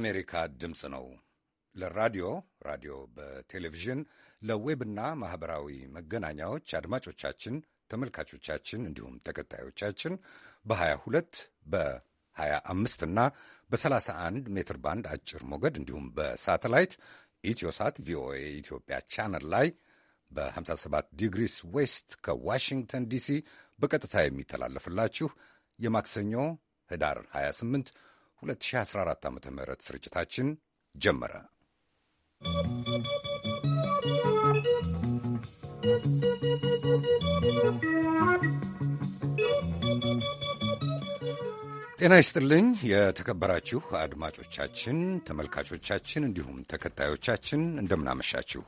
የአሜሪካ ድምፅ ነው። ለራዲዮ ራዲዮ፣ በቴሌቪዥን ለዌብና ማኅበራዊ መገናኛዎች አድማጮቻችን፣ ተመልካቾቻችን እንዲሁም ተከታዮቻችን በ22 በ25 እና በ31 ሜትር ባንድ አጭር ሞገድ እንዲሁም በሳተላይት ኢትዮሳት ቪኦኤ ኢትዮጵያ ቻነል ላይ በ57 ዲግሪስ ዌስት ከዋሽንግተን ዲሲ በቀጥታ የሚተላለፍላችሁ የማክሰኞ ህዳር 28 2014 ዓ ም ስርጭታችን ጀመረ። ጤና ይስጥልኝ የተከበራችሁ አድማጮቻችን፣ ተመልካቾቻችን እንዲሁም ተከታዮቻችን እንደምናመሻችሁ።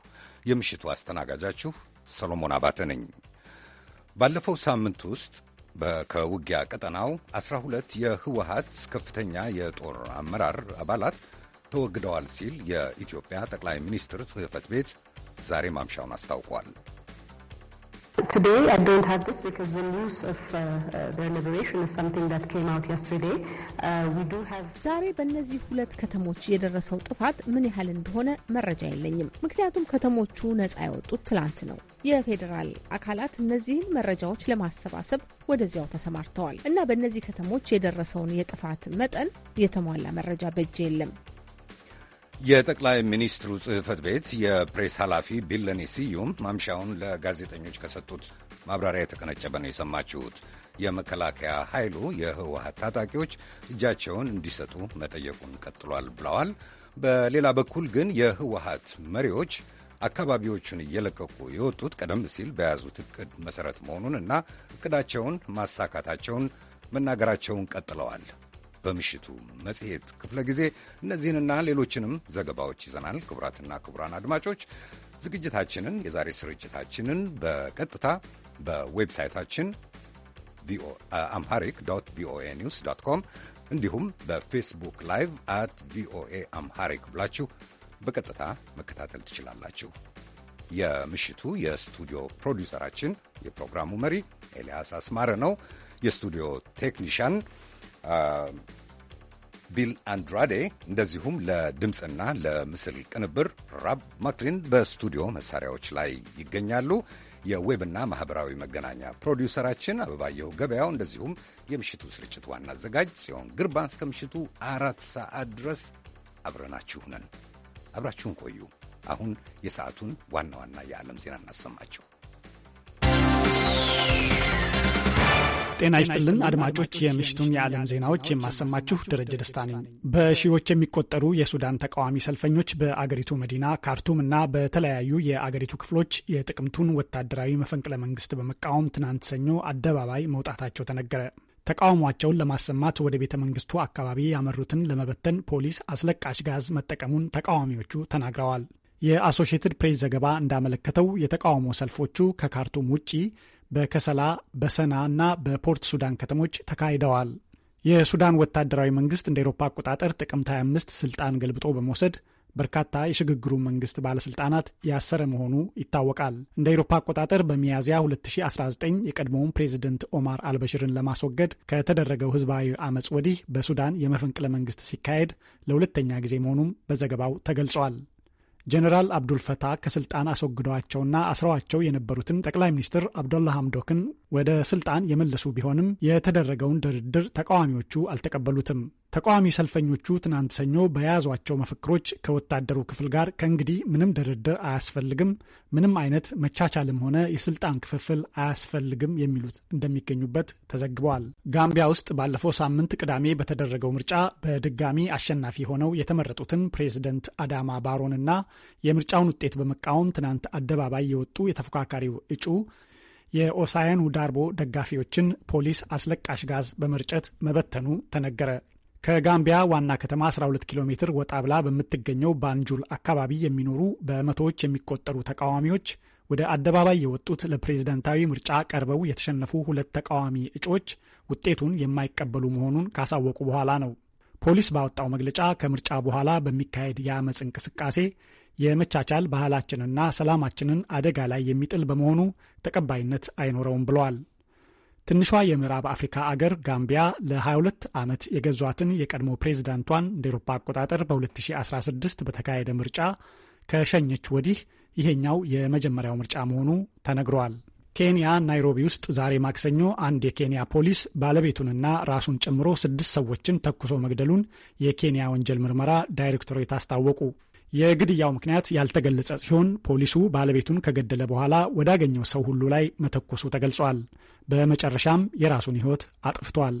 የምሽቱ አስተናጋጃችሁ ሰሎሞን አባተ ነኝ። ባለፈው ሳምንት ውስጥ ከውጊያ ቀጠናው 12 የህወሀት ከፍተኛ የጦር አመራር አባላት ተወግደዋል ሲል የኢትዮጵያ ጠቅላይ ሚኒስትር ጽህፈት ቤት ዛሬ ማምሻውን አስታውቋል። Today I don't have this because the news of uh, uh, their liberation is something that came out yesterday. Uh, we do have ዛሬ በእነዚህ ሁለት ከተሞች የደረሰው ጥፋት ምን ያህል እንደሆነ መረጃ የለኝም። ምክንያቱም ከተሞቹ ነጻ ያወጡት ትላንት ነው። የፌዴራል አካላት እነዚህን መረጃዎች ለማሰባሰብ ወደዚያው ተሰማርተዋል እና በእነዚህ ከተሞች የደረሰውን የጥፋት መጠን የተሟላ መረጃ በእጅ የለም። የጠቅላይ ሚኒስትሩ ጽህፈት ቤት የፕሬስ ኃላፊ ቢለኔ ስዩም ማምሻውን ለጋዜጠኞች ከሰጡት ማብራሪያ የተቀነጨበ ነው የሰማችሁት። የመከላከያ ኃይሉ የህወሀት ታጣቂዎች እጃቸውን እንዲሰጡ መጠየቁን ቀጥሏል ብለዋል። በሌላ በኩል ግን የህወሀት መሪዎች አካባቢዎቹን እየለቀቁ የወጡት ቀደም ሲል በያዙት እቅድ መሠረት መሆኑን እና እቅዳቸውን ማሳካታቸውን መናገራቸውን ቀጥለዋል። በምሽቱ መጽሔት ክፍለ ጊዜ እነዚህንና ሌሎችንም ዘገባዎች ይዘናል። ክቡራትና ክቡራን አድማጮች ዝግጅታችንን የዛሬ ስርጭታችንን በቀጥታ በዌብሳይታችን አምሃሪክ ዶት ቪኦኤ ኒውስ ዶት ኮም እንዲሁም በፌስቡክ ላይቭ አት ቪኦኤ አምሃሪክ ብላችሁ በቀጥታ መከታተል ትችላላችሁ። የምሽቱ የስቱዲዮ ፕሮዲውሰራችን የፕሮግራሙ መሪ ኤልያስ አስማረ ነው። የስቱዲዮ ቴክኒሽያን። ቢል አንድራዴ እንደዚሁም ለድምፅና ለምስል ቅንብር ራብ ማክሊን በስቱዲዮ መሳሪያዎች ላይ ይገኛሉ። የዌብና ማኅበራዊ መገናኛ ፕሮዲውሰራችን አበባየሁ ገበያው፣ እንደዚሁም የምሽቱ ስርጭት ዋና አዘጋጅ ሲሆን ግርባ እስከ ምሽቱ አራት ሰዓት ድረስ አብረናችሁ ነን። አብራችሁን ቆዩ። አሁን የሰዓቱን ዋና ዋና የዓለም ዜና እናሰማችሁ። ጤና ይስጥልን አድማጮች፣ የምሽቱን የዓለም ዜናዎች የማሰማችሁ ደረጀ ደስታ ነኝ። በሺዎች የሚቆጠሩ የሱዳን ተቃዋሚ ሰልፈኞች በአገሪቱ መዲና ካርቱም እና በተለያዩ የአገሪቱ ክፍሎች የጥቅምቱን ወታደራዊ መፈንቅለ መንግስት በመቃወም ትናንት ሰኞ አደባባይ መውጣታቸው ተነገረ። ተቃውሟቸውን ለማሰማት ወደ ቤተ መንግስቱ አካባቢ ያመሩትን ለመበተን ፖሊስ አስለቃሽ ጋዝ መጠቀሙን ተቃዋሚዎቹ ተናግረዋል። የአሶሺየትድ ፕሬስ ዘገባ እንዳመለከተው የተቃውሞ ሰልፎቹ ከካርቱም ውጪ በከሰላ በሰና እና በፖርት ሱዳን ከተሞች ተካሂደዋል። የሱዳን ወታደራዊ መንግስት እንደ ኤሮፓ አቆጣጠር ጥቅምት 25 ስልጣን ገልብጦ በመውሰድ በርካታ የሽግግሩ መንግስት ባለስልጣናት ያሰረ መሆኑ ይታወቃል። እንደ ኤሮፓ አቆጣጠር በሚያዝያ 2019 የቀድሞውን ፕሬዚደንት ኦማር አልበሽርን ለማስወገድ ከተደረገው ህዝባዊ አመፅ ወዲህ በሱዳን የመፈንቅለ መንግስት ሲካሄድ ለሁለተኛ ጊዜ መሆኑም በዘገባው ተገልጿል። ጀኔራል አብዱልፈታ ከስልጣን አስወግደዋቸውና አስረዋቸው የነበሩትን ጠቅላይ ሚኒስትር አብዶላ ሀምዶክን ወደ ስልጣን የመለሱ ቢሆንም የተደረገውን ድርድር ተቃዋሚዎቹ አልተቀበሉትም። ተቃዋሚ ሰልፈኞቹ ትናንት ሰኞ በያዟቸው መፈክሮች ከወታደሩ ክፍል ጋር ከእንግዲህ ምንም ድርድር አያስፈልግም፣ ምንም አይነት መቻቻልም ሆነ የስልጣን ክፍፍል አያስፈልግም የሚሉት እንደሚገኙበት ተዘግበዋል። ጋምቢያ ውስጥ ባለፈው ሳምንት ቅዳሜ በተደረገው ምርጫ በድጋሚ አሸናፊ ሆነው የተመረጡትን ፕሬዝደንት አዳማ ባሮንና የምርጫውን ውጤት በመቃወም ትናንት አደባባይ የወጡ የተፎካካሪው እጩ የኦሳያኑ ዳርቦ ደጋፊዎችን ፖሊስ አስለቃሽ ጋዝ በመርጨት መበተኑ ተነገረ። ከጋምቢያ ዋና ከተማ 12 ኪሎ ሜትር ወጣ ብላ በምትገኘው ባንጁል አካባቢ የሚኖሩ በመቶዎች የሚቆጠሩ ተቃዋሚዎች ወደ አደባባይ የወጡት ለፕሬዝደንታዊ ምርጫ ቀርበው የተሸነፉ ሁለት ተቃዋሚ እጩዎች ውጤቱን የማይቀበሉ መሆኑን ካሳወቁ በኋላ ነው። ፖሊስ ባወጣው መግለጫ ከምርጫ በኋላ በሚካሄድ የአመፅ እንቅስቃሴ የመቻቻል ባህላችንና ሰላማችንን አደጋ ላይ የሚጥል በመሆኑ ተቀባይነት አይኖረውም ብለዋል። ትንሿ የምዕራብ አፍሪካ አገር ጋምቢያ ለ22 ዓመት የገዟትን የቀድሞ ፕሬዚዳንቷን እንደ ኤሮፓ አቆጣጠር በ2016 በተካሄደ ምርጫ ከሸኘች ወዲህ ይሄኛው የመጀመሪያው ምርጫ መሆኑ ተነግሯል። ኬንያ ናይሮቢ ውስጥ ዛሬ ማክሰኞ አንድ የኬንያ ፖሊስ ባለቤቱንና ራሱን ጨምሮ ስድስት ሰዎችን ተኩሶ መግደሉን የኬንያ ወንጀል ምርመራ ዳይሬክቶሬት አስታወቁ። የግድያው ምክንያት ያልተገለጸ ሲሆን ፖሊሱ ባለቤቱን ከገደለ በኋላ ወዳገኘው ሰው ሁሉ ላይ መተኮሱ ተገልጿል። በመጨረሻም የራሱን ሕይወት አጥፍቷል።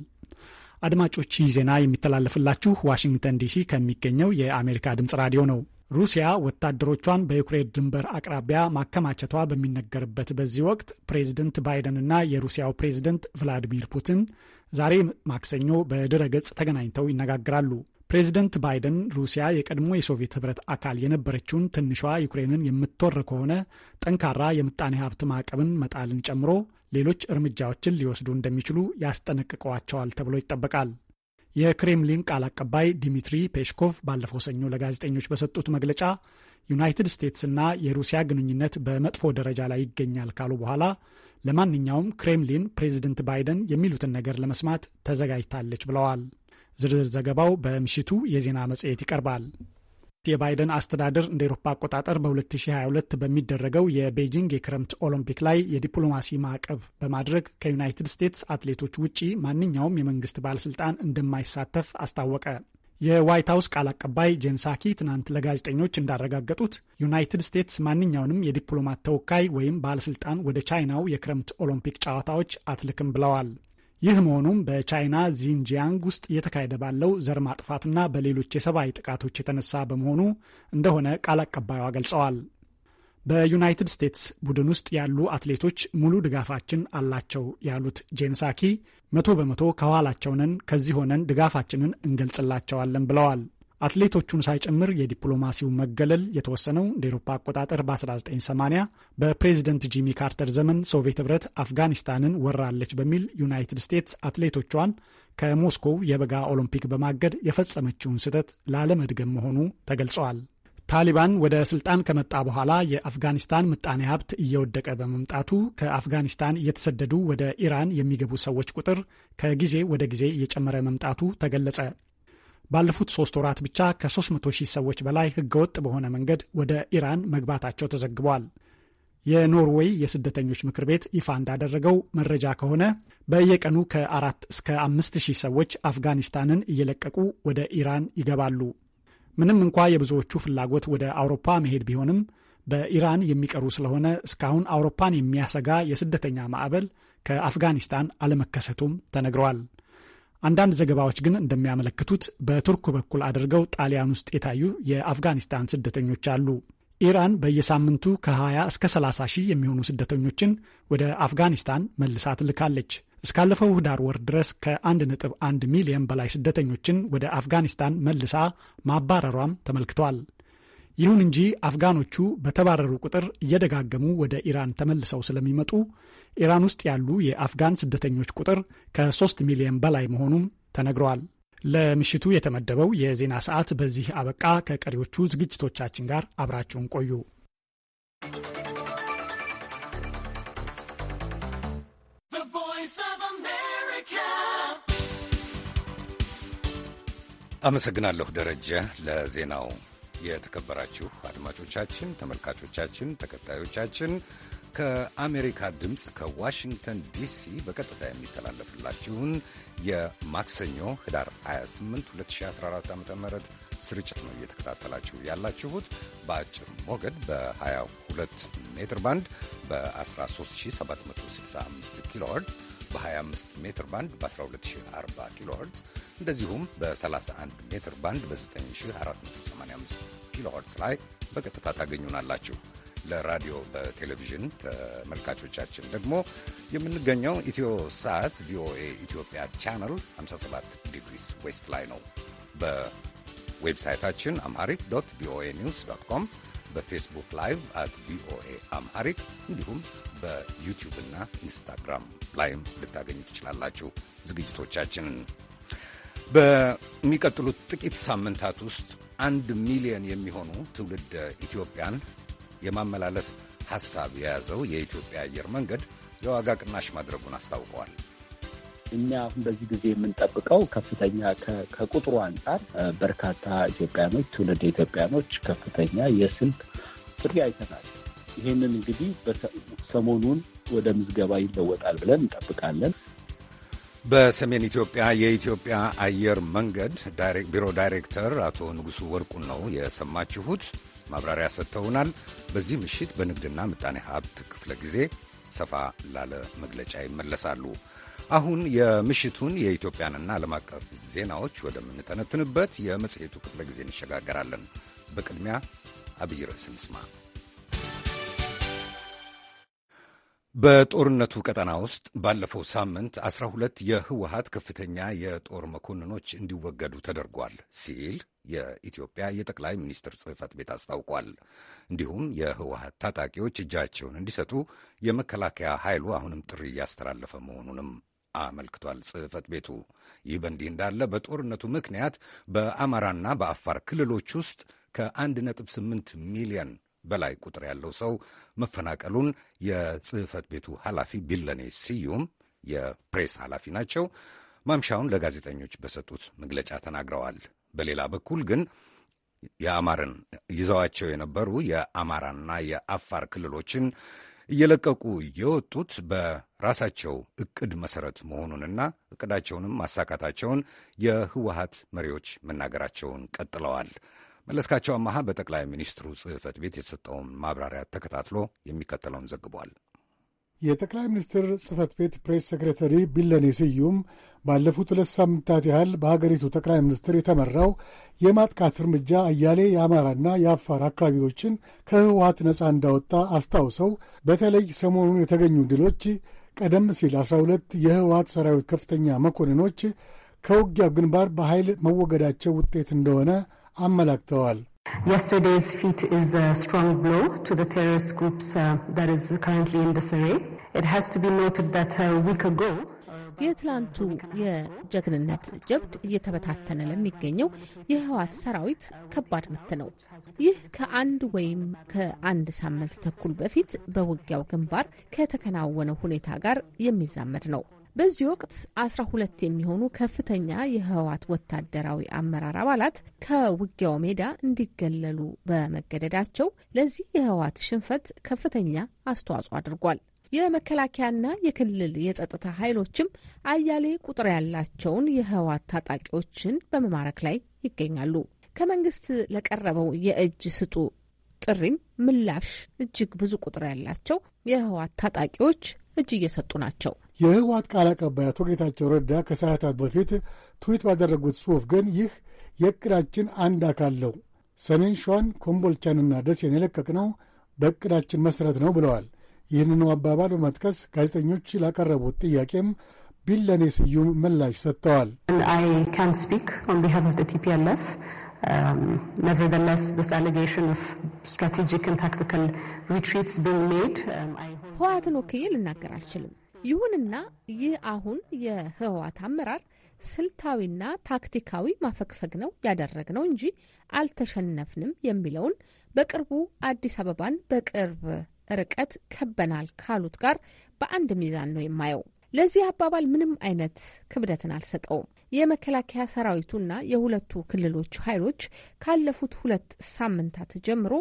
አድማጮች ይህ ዜና የሚተላለፍላችሁ ዋሽንግተን ዲሲ ከሚገኘው የአሜሪካ ድምፅ ራዲዮ ነው። ሩሲያ ወታደሮቿን በዩክሬን ድንበር አቅራቢያ ማከማቸቷ በሚነገርበት በዚህ ወቅት ፕሬዝደንት ባይደንና የሩሲያው ፕሬዝደንት ቭላዲሚር ፑቲን ዛሬ ማክሰኞ በድረ ገጽ ተገናኝተው ይነጋግራሉ። ፕሬዚደንት ባይደን ሩሲያ የቀድሞ የሶቪየት ህብረት አካል የነበረችውን ትንሿ ዩክሬንን የምትወር ከሆነ ጠንካራ የምጣኔ ሀብት ማዕቀብን መጣልን ጨምሮ ሌሎች እርምጃዎችን ሊወስዱ እንደሚችሉ ያስጠነቅቀዋቸዋል ተብሎ ይጠበቃል። የክሬምሊን ቃል አቀባይ ዲሚትሪ ፔሽኮቭ ባለፈው ሰኞ ለጋዜጠኞች በሰጡት መግለጫ ዩናይትድ ስቴትስና የሩሲያ ግንኙነት በመጥፎ ደረጃ ላይ ይገኛል ካሉ በኋላ ለማንኛውም ክሬምሊን ፕሬዚደንት ባይደን የሚሉትን ነገር ለመስማት ተዘጋጅታለች ብለዋል። ዝርዝር ዘገባው በምሽቱ የዜና መጽሔት ይቀርባል። የባይደን አስተዳደር እንደ ኤሮፓ አቆጣጠር በ2022 በሚደረገው የቤጂንግ የክረምት ኦሎምፒክ ላይ የዲፕሎማሲ ማዕቀብ በማድረግ ከዩናይትድ ስቴትስ አትሌቶች ውጪ ማንኛውም የመንግስት ባለስልጣን እንደማይሳተፍ አስታወቀ። የዋይት ሀውስ ቃል አቀባይ ጄንሳኪ ትናንት ለጋዜጠኞች እንዳረጋገጡት ዩናይትድ ስቴትስ ማንኛውንም የዲፕሎማት ተወካይ ወይም ባለስልጣን ወደ ቻይናው የክረምት ኦሎምፒክ ጨዋታዎች አትልክም ብለዋል። ይህ መሆኑም በቻይና ዚንጂያንግ ውስጥ እየተካሄደ ባለው ዘር ማጥፋትና በሌሎች የሰብአዊ ጥቃቶች የተነሳ በመሆኑ እንደሆነ ቃል አቀባዩ ገልጸዋል። በዩናይትድ ስቴትስ ቡድን ውስጥ ያሉ አትሌቶች ሙሉ ድጋፋችን አላቸው ያሉት ጄንሳኪ መቶ በመቶ ከኋላቸውንን ከዚህ ሆነን ድጋፋችንን እንገልጽላቸዋለን ብለዋል። አትሌቶቹን ሳይጨምር የዲፕሎማሲው መገለል የተወሰነው እንደ ኤሮፓ አቆጣጠር በ1980 በፕሬዚደንት ጂሚ ካርተር ዘመን ሶቪየት ህብረት አፍጋኒስታንን ወራለች በሚል ዩናይትድ ስቴትስ አትሌቶቿን ከሞስኮው የበጋ ኦሎምፒክ በማገድ የፈጸመችውን ስህተት ላለመድገም መሆኑ ተገልጸዋል። ታሊባን ወደ ስልጣን ከመጣ በኋላ የአፍጋኒስታን ምጣኔ ሀብት እየወደቀ በመምጣቱ ከአፍጋኒስታን እየተሰደዱ ወደ ኢራን የሚገቡ ሰዎች ቁጥር ከጊዜ ወደ ጊዜ እየጨመረ መምጣቱ ተገለጸ። ባለፉት ሶስት ወራት ብቻ ከ300 ሺህ ሰዎች በላይ ህገወጥ በሆነ መንገድ ወደ ኢራን መግባታቸው ተዘግቧል። የኖርዌይ የስደተኞች ምክር ቤት ይፋ እንዳደረገው መረጃ ከሆነ በየቀኑ ከአራት እስከ አምስት ሺህ ሰዎች አፍጋኒስታንን እየለቀቁ ወደ ኢራን ይገባሉ። ምንም እንኳ የብዙዎቹ ፍላጎት ወደ አውሮፓ መሄድ ቢሆንም በኢራን የሚቀሩ ስለሆነ እስካሁን አውሮፓን የሚያሰጋ የስደተኛ ማዕበል ከአፍጋኒስታን አለመከሰቱም ተነግረዋል። አንዳንድ ዘገባዎች ግን እንደሚያመለክቱት በቱርክ በኩል አድርገው ጣሊያን ውስጥ የታዩ የአፍጋኒስታን ስደተኞች አሉ። ኢራን በየሳምንቱ ከ20 እስከ 30 ሺህ የሚሆኑ ስደተኞችን ወደ አፍጋኒስታን መልሳ ትልካለች። እስካለፈው ህዳር ወር ድረስ ከ1.1 ሚሊዮን በላይ ስደተኞችን ወደ አፍጋኒስታን መልሳ ማባረሯም ተመልክቷል። ይሁን እንጂ አፍጋኖቹ በተባረሩ ቁጥር እየደጋገሙ ወደ ኢራን ተመልሰው ስለሚመጡ ኢራን ውስጥ ያሉ የአፍጋን ስደተኞች ቁጥር ከ3 ሚሊዮን በላይ መሆኑን ተነግረዋል። ለምሽቱ የተመደበው የዜና ሰዓት በዚህ አበቃ። ከቀሪዎቹ ዝግጅቶቻችን ጋር አብራችሁን ቆዩ። አመሰግናለሁ ደረጀ ለዜናው። የተከበራችሁ አድማጮቻችን፣ ተመልካቾቻችን፣ ተከታዮቻችን ከአሜሪካ ድምፅ ከዋሽንግተን ዲሲ በቀጥታ የሚተላለፍላችሁን የማክሰኞ ህዳር 28 2014 ዓ ም ስርጭት ነው እየተከታተላችሁ ያላችሁት። በአጭር ሞገድ በ22 ሜትር ባንድ በ13765 ኪሎ ሄርትዝ በ25 ሜትር ባንድ በ1240 ኪሎ ኸርትዝ እንደዚሁም በ31 ሜትር ባንድ በ9485 ኪሎ ኸርትዝ ላይ በቀጥታ ታገኙናላችሁ። ለራዲዮ በቴሌቪዥን ተመልካቾቻችን ደግሞ የምንገኘው ኢትዮ ሳት ቪኦኤ ኢትዮጵያ ቻናል 57 ዲግሪስ ዌስት ላይ ነው። በዌብሳይታችን አምሃሪክ ዶት ቪኦኤ ኒውስ ዶት ኮም በፌስቡክ ላይቭ አት ቪኦኤ አምሃሪክ እንዲሁም በዩቲዩብ እና ኢንስታግራም ላይም ልታገኙ ትችላላችሁ ዝግጅቶቻችንን። በሚቀጥሉት ጥቂት ሳምንታት ውስጥ አንድ ሚሊዮን የሚሆኑ ትውልድ ኢትዮጵያን የማመላለስ ሐሳብ የያዘው የኢትዮጵያ አየር መንገድ የዋጋ ቅናሽ ማድረጉን አስታውቀዋል። እኛ አሁን በዚህ ጊዜ የምንጠብቀው ከፍተኛ ከቁጥሩ አንጻር በርካታ ኢትዮጵያኖች ትውልድ ኢትዮጵያኖች ከፍተኛ የስልክ ጥሪ አይተናል። ይህንን እንግዲህ ሰሞኑን ወደ ምዝገባ ይለወጣል ብለን እንጠብቃለን። በሰሜን ኢትዮጵያ የኢትዮጵያ አየር መንገድ ቢሮ ዳይሬክተር አቶ ንጉሱ ወርቁን ነው የሰማችሁት። ማብራሪያ ሰጥተውናል። በዚህ ምሽት በንግድና ምጣኔ ሀብት ክፍለ ጊዜ ሰፋ ላለ መግለጫ ይመለሳሉ። አሁን የምሽቱን የኢትዮጵያንና ዓለም አቀፍ ዜናዎች ወደምንተነትንበት የመጽሔቱ ክፍለ ጊዜ እንሸጋገራለን። በቅድሚያ አብይ ርዕስ እንስማ። በጦርነቱ ቀጠና ውስጥ ባለፈው ሳምንት አስራ ሁለት የህወሀት ከፍተኛ የጦር መኮንኖች እንዲወገዱ ተደርጓል ሲል የኢትዮጵያ የጠቅላይ ሚኒስትር ጽህፈት ቤት አስታውቋል። እንዲሁም የህወሀት ታጣቂዎች እጃቸውን እንዲሰጡ የመከላከያ ኃይሉ አሁንም ጥሪ እያስተላለፈ መሆኑንም አመልክቷል ጽህፈት ቤቱ። ይህ በእንዲህ እንዳለ በጦርነቱ ምክንያት በአማራና በአፋር ክልሎች ውስጥ ከ1.8 ሚሊዮን በላይ ቁጥር ያለው ሰው መፈናቀሉን የጽህፈት ቤቱ ኃላፊ ቢለኔ ስዩም የፕሬስ ኃላፊ ናቸው፣ ማምሻውን ለጋዜጠኞች በሰጡት መግለጫ ተናግረዋል። በሌላ በኩል ግን የአማርን ይዘዋቸው የነበሩ የአማራና የአፋር ክልሎችን እየለቀቁ የወጡት በራሳቸው እቅድ መሰረት መሆኑንና እቅዳቸውንም ማሳካታቸውን የህወሀት መሪዎች መናገራቸውን ቀጥለዋል። መለስካቸው አማሃ በጠቅላይ ሚኒስትሩ ጽህፈት ቤት የተሰጠውን ማብራሪያ ተከታትሎ የሚከተለውን ዘግቧል። የጠቅላይ ሚኒስትር ጽህፈት ቤት ፕሬስ ሴክሬታሪ ቢለኔ ስዩም ባለፉት ሁለት ሳምንታት ያህል በሀገሪቱ ጠቅላይ ሚኒስትር የተመራው የማጥቃት እርምጃ አያሌ የአማራና የአፋር አካባቢዎችን ከህወሀት ነፃ እንዳወጣ አስታውሰው በተለይ ሰሞኑን የተገኙ ድሎች ቀደም ሲል ሁለት የህወሀት ሰራዊት ከፍተኛ መኮንኖች ከውጊያው ግንባር በኃይል መወገዳቸው ውጤት እንደሆነ አመላክተዋል። Yesterday's feat is a strong blow to የትላንቱ የጀግንነት ጀብድ እየተበታተነ ለሚገኘው የህዋት ሰራዊት ከባድ ምት ነው። ይህ ከአንድ ወይም ከአንድ ሳምንት ተኩል በፊት በውጊያው ግንባር ከተከናወነው ሁኔታ ጋር የሚዛመድ ነው። በዚህ ወቅት አስራ ሁለት የሚሆኑ ከፍተኛ የህወሓት ወታደራዊ አመራር አባላት ከውጊያው ሜዳ እንዲገለሉ በመገደዳቸው ለዚህ የህወሓት ሽንፈት ከፍተኛ አስተዋጽኦ አድርጓል። የመከላከያና የክልል የጸጥታ ኃይሎችም አያሌ ቁጥር ያላቸውን የህወሓት ታጣቂዎችን በመማረክ ላይ ይገኛሉ። ከመንግስት ለቀረበው የእጅ ስጡ ጥሪም ምላሽ እጅግ ብዙ ቁጥር ያላቸው የህወሓት ታጣቂዎች እጅ እየሰጡ ናቸው። የህወሓት ቃል አቀባይ አቶ ጌታቸው ረዳ ከሰዓታት በፊት ትዊት ባደረጉት ጽሑፍ ግን ይህ የእቅዳችን አንድ አካል ነው፣ ሰሜን ሸዋን ኮምቦልቻንና ደሴን የለቀቅነው በእቅዳችን መሠረት ነው ብለዋል። ይህንኑ አባባል በመጥቀስ ጋዜጠኞች ላቀረቡት ጥያቄም ቢለኔ ስዩም ምላሽ ሰጥተዋል። አይ um, um, ህወሓትን ወክዬ ልናገር አልችልም። ይሁንና ይህ አሁን የህወሓት አመራር ስልታዊና ታክቲካዊ ማፈግፈግ ነው ያደረግነው እንጂ አልተሸነፍንም የሚለውን በቅርቡ አዲስ አበባን በቅርብ ርቀት ከበናል ካሉት ጋር በአንድ ሚዛን ነው የማየው። ለዚህ አባባል ምንም አይነት ክብደትን አልሰጠውም። የመከላከያ ሰራዊቱና የሁለቱ ክልሎች ኃይሎች ካለፉት ሁለት ሳምንታት ጀምሮ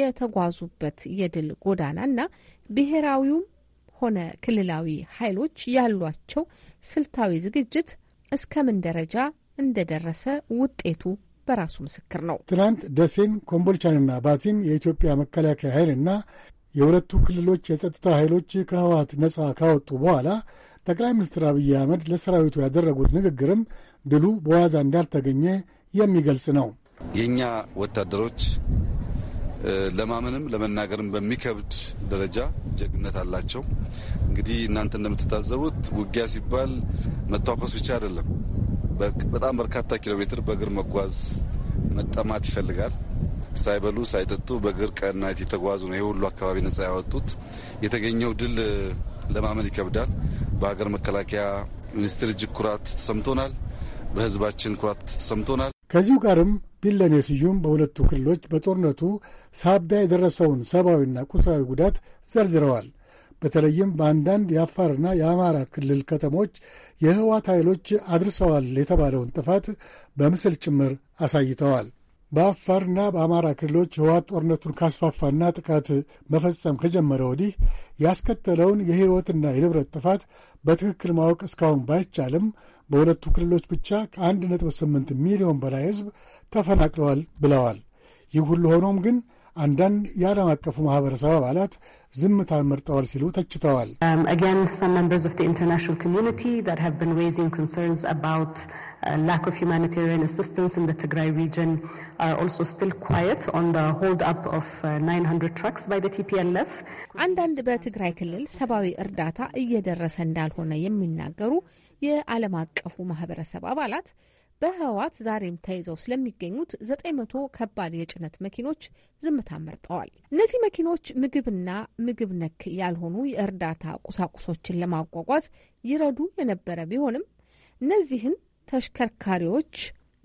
የተጓዙበት የድል ጎዳና እና ብሔራዊውም ሆነ ክልላዊ ኃይሎች ያሏቸው ስልታዊ ዝግጅት እስከምን ደረጃ እንደደረሰ ውጤቱ በራሱ ምስክር ነው። ትናንት ደሴን፣ ኮምቦልቻንና ባቲን የኢትዮጵያ መከላከያ ኃይልና የሁለቱ ክልሎች የጸጥታ ኃይሎች ከህወሓት ነጻ ካወጡ በኋላ ጠቅላይ ሚኒስትር አብይ አህመድ ለሰራዊቱ ያደረጉት ንግግርም ድሉ በዋዛ እንዳልተገኘ የሚገልጽ ነው። የእኛ ወታደሮች ለማመንም ለመናገርም በሚከብድ ደረጃ ጀግነት አላቸው። እንግዲህ እናንተ እንደምትታዘቡት ውጊያ ሲባል መታኮስ ብቻ አይደለም። በጣም በርካታ ኪሎ ሜትር በእግር መጓዝ መጠማት ይፈልጋል። ሳይበሉ ሳይጠጡ በእግር ቀናት የተጓዙ ነው ይህ ሁሉ አካባቢ ነጻ ያወጡት። የተገኘው ድል ለማመን ይከብዳል። በሀገር መከላከያ ሚኒስትር እጅግ ኩራት ተሰምቶናል። በህዝባችን ኩራት ተሰምቶናል። ከዚሁ ጋርም ቢለኔ ስዩም በሁለቱ ክልሎች በጦርነቱ ሳቢያ የደረሰውን ሰብአዊና ቁሳዊ ጉዳት ዘርዝረዋል። በተለይም በአንዳንድ የአፋርና የአማራ ክልል ከተሞች የህወሓት ኃይሎች አድርሰዋል የተባለውን ጥፋት በምስል ጭምር አሳይተዋል። በአፋርና በአማራ ክልሎች ህወሓት ጦርነቱን ካስፋፋና ጥቃት መፈጸም ከጀመረ ወዲህ ያስከተለውን የሕይወትና የንብረት ጥፋት በትክክል ማወቅ እስካሁን ባይቻልም በሁለቱ ክልሎች ብቻ ከ1.8 ሚሊዮን በላይ ሕዝብ ተፈናቅለዋል ብለዋል። ይህ ሁሉ ሆኖም ግን አንዳንድ የዓለም አቀፉ ማህበረሰብ አባላት ዝምታን መርጠዋል ሲሉ ተችተዋል። አንዳንድ በትግራይ ክልል ሰብአዊ እርዳታ እየደረሰ እንዳልሆነ የሚናገሩ የዓለም አቀፉ ማህበረሰብ አባላት በህወሓት ዛሬም ተይዘው ስለሚገኙት 900 ከባድ የጭነት መኪኖች ዝምታ መርጠዋል። እነዚህ መኪኖች ምግብና ምግብ ነክ ያልሆኑ የእርዳታ ቁሳቁሶችን ለማጓጓዝ ይረዱ የነበረ ቢሆንም እነዚህን ተሽከርካሪዎች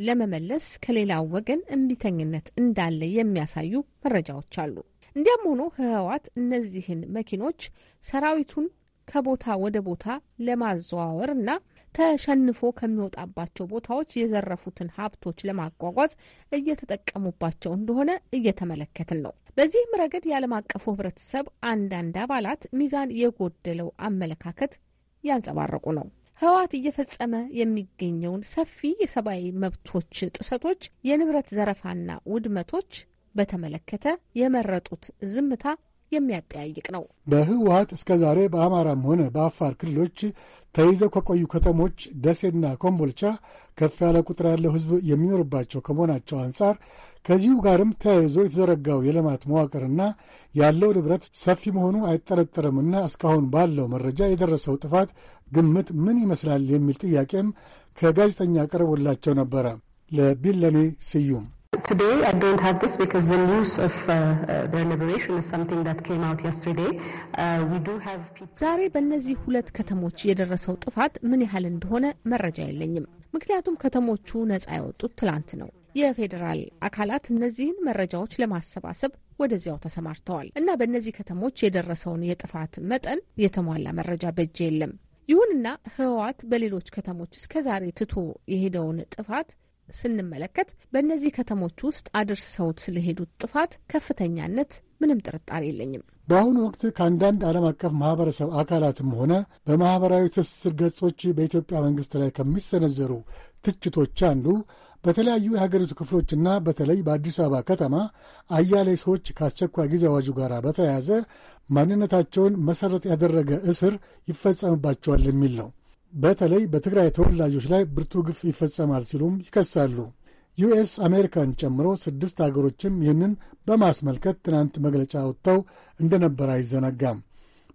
ለመመለስ ከሌላው ወገን እምቢተኝነት እንዳለ የሚያሳዩ መረጃዎች አሉ። እንዲያም ሆኖ ህወሓት እነዚህን መኪኖች ሰራዊቱን ከቦታ ወደ ቦታ ለማዘዋወር እና ተሸንፎ ከሚወጣባቸው ቦታዎች የዘረፉትን ሀብቶች ለማጓጓዝ እየተጠቀሙባቸው እንደሆነ እየተመለከትን ነው። በዚህም ረገድ የዓለም አቀፉ ህብረተሰብ አንዳንድ አባላት ሚዛን የጎደለው አመለካከት ያንጸባረቁ ነው። ህወሓት እየፈጸመ የሚገኘውን ሰፊ የሰብአዊ መብቶች ጥሰቶች፣ የንብረት ዘረፋና ውድመቶች በተመለከተ የመረጡት ዝምታ የሚያጠያይቅ ነው። በህወሀት እስከ ዛሬ በአማራም ሆነ በአፋር ክልሎች ተይዘው ከቆዩ ከተሞች ደሴና ኮምቦልቻ ከፍ ያለ ቁጥር ያለው ህዝብ የሚኖርባቸው ከመሆናቸው አንጻር ከዚሁ ጋርም ተያይዞ የተዘረጋው የልማት መዋቅርና ያለው ንብረት ሰፊ መሆኑ አይጠረጠርምና እስካሁን ባለው መረጃ የደረሰው ጥፋት ግምት ምን ይመስላል የሚል ጥያቄም ከጋዜጠኛ ቀርቦላቸው ነበረ። ለቢለኔ ስዩም Today I don't have this because the news of uh, uh their liberation is something that came out yesterday. Uh, we do have people... ዛሬ በእነዚህ ሁለት ከተሞች የደረሰው ጥፋት ምን ያህል እንደሆነ መረጃ የለኝም። ምክንያቱም ከተሞቹ ነጻ ያወጡት ትላንት ነው። የፌዴራል አካላት እነዚህን መረጃዎች ለማሰባሰብ ወደዚያው ተሰማርተዋል እና በእነዚህ ከተሞች የደረሰውን የጥፋት መጠን የተሟላ መረጃ በእጅ የለም። ይሁንና ህወሓት በሌሎች ከተሞች እስከዛሬ ትቶ የሄደውን ጥፋት ስንመለከት በእነዚህ ከተሞች ውስጥ አድርሰውት ስለሄዱት ጥፋት ከፍተኛነት ምንም ጥርጣሬ የለኝም። በአሁኑ ወቅት ከአንዳንድ ዓለም አቀፍ ማህበረሰብ አካላትም ሆነ በማህበራዊ ትስስር ገጾች በኢትዮጵያ መንግሥት ላይ ከሚሰነዘሩ ትችቶች አንዱ በተለያዩ የሀገሪቱ ክፍሎችና በተለይ በአዲስ አበባ ከተማ አያሌ ሰዎች ከአስቸኳይ ጊዜ አዋጁ ጋር በተያያዘ ማንነታቸውን መሠረት ያደረገ እስር ይፈጸምባቸዋል የሚል ነው። በተለይ በትግራይ ተወላጆች ላይ ብርቱ ግፍ ይፈጸማል ሲሉም ይከሳሉ። ዩኤስ አሜሪካን ጨምሮ ስድስት አገሮችም ይህንን በማስመልከት ትናንት መግለጫ አውጥተው እንደነበር አይዘነጋም።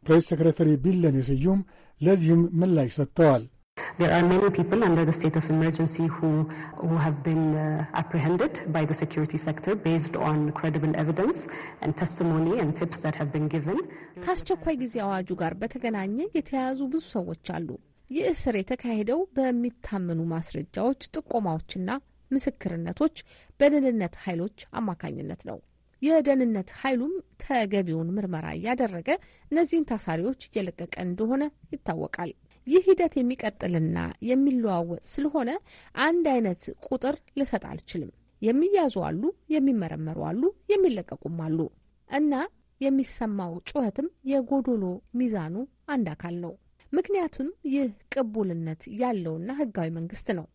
ፕሬስ ሴክሬታሪ ቢለኔ ስዩም ለዚህም ምላሽ ሰጥተዋል። There are many people under the state of emergency who, who have been uh, apprehended by the security sector based on credible evidence and testimony and tips that have been given. ከአስቸኳይ ጊዜ አዋጁ ጋር በተገናኘ የተያያዙ ብዙ ሰዎች አሉ። ይህ እስር የተካሄደው በሚታመኑ ማስረጃዎች፣ ጥቆማዎችና ምስክርነቶች በደህንነት ኃይሎች አማካኝነት ነው። የደህንነት ኃይሉም ተገቢውን ምርመራ እያደረገ እነዚህን ታሳሪዎች እየለቀቀ እንደሆነ ይታወቃል። ይህ ሂደት የሚቀጥልና የሚለዋወጥ ስለሆነ አንድ አይነት ቁጥር ልሰጥ አልችልም። የሚያዙ አሉ፣ የሚመረመሩ አሉ፣ የሚለቀቁም አሉ እና የሚሰማው ጩኸትም የጎዶሎ ሚዛኑ አንድ አካል ነው። ምክንያቱም ይህ ቅቡልነት ያለውና ህጋዊ መንግስት ነው።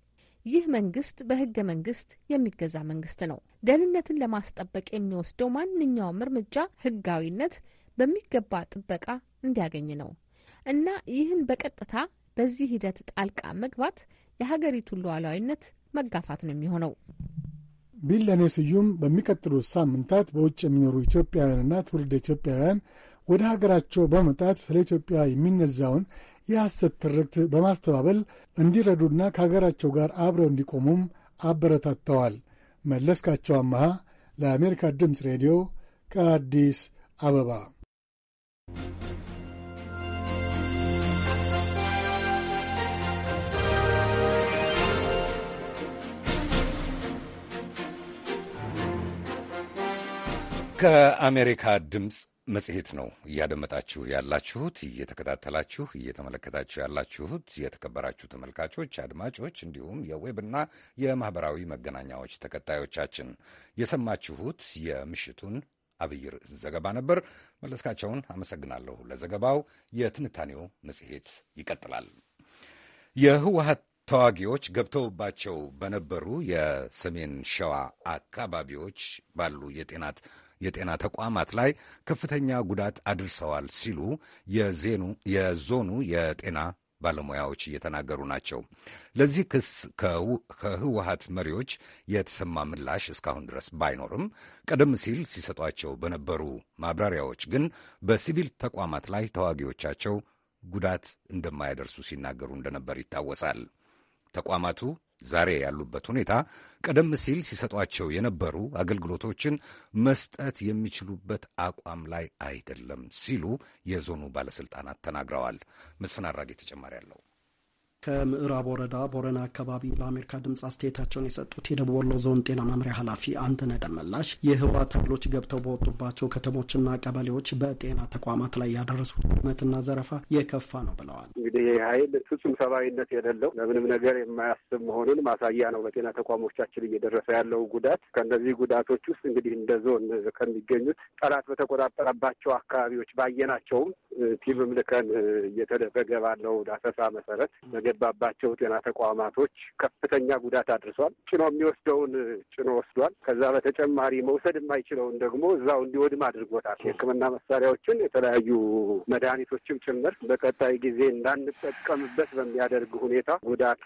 ይህ መንግስት በህገ መንግስት የሚገዛ መንግስት ነው። ደህንነትን ለማስጠበቅ የሚወስደው ማንኛውም እርምጃ ህጋዊነት በሚገባ ጥበቃ እንዲያገኝ ነው እና ይህን በቀጥታ በዚህ ሂደት ጣልቃ መግባት የሀገሪቱን ሉዓላዊነት መጋፋት ነው የሚሆነው። ቢለኔ ስዩም በሚቀጥሉት ሳምንታት በውጭ የሚኖሩ ኢትዮጵያውያንና ትውልድ ኢትዮጵያውያን ወደ ሀገራቸው በመምጣት ስለ ኢትዮጵያ የሚነዛውን የሐሰት ትርክት በማስተባበል እንዲረዱና ከሀገራቸው ጋር አብረው እንዲቆሙም አበረታተዋል። መለስካቸው አመሃ ለአሜሪካ ድምፅ ሬዲዮ ከአዲስ አበባ ከአሜሪካ ድምፅ መጽሔት ነው እያደመጣችሁ ያላችሁት፣ እየተከታተላችሁ እየተመለከታችሁ ያላችሁት የተከበራችሁ ተመልካቾች፣ አድማጮች እንዲሁም የዌብና የማኅበራዊ መገናኛዎች ተከታዮቻችን የሰማችሁት የምሽቱን አብይ ርዕስ ዘገባ ነበር። መለስካቸውን አመሰግናለሁ ለዘገባው። የትንታኔው መጽሔት ይቀጥላል። የህወሀት ተዋጊዎች ገብተውባቸው በነበሩ የሰሜን ሸዋ አካባቢዎች ባሉ የጤናት የጤና ተቋማት ላይ ከፍተኛ ጉዳት አድርሰዋል ሲሉ የዞኑ የጤና ባለሙያዎች እየተናገሩ ናቸው። ለዚህ ክስ ከህወሀት መሪዎች የተሰማ ምላሽ እስካሁን ድረስ ባይኖርም ቀደም ሲል ሲሰጧቸው በነበሩ ማብራሪያዎች ግን በሲቪል ተቋማት ላይ ተዋጊዎቻቸው ጉዳት እንደማያደርሱ ሲናገሩ እንደነበር ይታወሳል። ተቋማቱ ዛሬ ያሉበት ሁኔታ ቀደም ሲል ሲሰጧቸው የነበሩ አገልግሎቶችን መስጠት የሚችሉበት አቋም ላይ አይደለም ሲሉ የዞኑ ባለስልጣናት ተናግረዋል። መስፍን አራጌ ተጨማሪ አለው። ከምዕራብ ወረዳ ቦረና አካባቢ ለአሜሪካ ድምፅ አስተያየታቸውን የሰጡት የደቡብ ወሎ ዞን ጤና መምሪያ ኃላፊ አንተነህ ደመላሽ የህወሓት ኃይሎች ገብተው በወጡባቸው ከተሞችና ቀበሌዎች በጤና ተቋማት ላይ ያደረሱት ውድመትና ዘረፋ የከፋ ነው ብለዋል። እንግዲህ ይህ ኃይል ፍጹም ሰብአዊነት የሌለው ለምንም ነገር የማያስብ መሆኑን ማሳያ ነው። በጤና ተቋሞቻችን እየደረሰ ያለው ጉዳት ከእነዚህ ጉዳቶች ውስጥ እንግዲህ እንደ ዞን ከሚገኙት ጠላት በተቆጣጠረባቸው አካባቢዎች ባየናቸውም ቲምም ልከን እየተደረገ ባለው ዳሰሳ መሰረት የገባባቸው ጤና ተቋማቶች ከፍተኛ ጉዳት አድርሷል። ጭኖ የሚወስደውን ጭኖ ወስዷል። ከዛ በተጨማሪ መውሰድ የማይችለውን ደግሞ እዛው እንዲወድም አድርጎታል። የሕክምና መሳሪያዎችን የተለያዩ መድኃኒቶችም ጭምር በቀጣይ ጊዜ እንዳንጠቀምበት በሚያደርግ ሁኔታ ጉዳት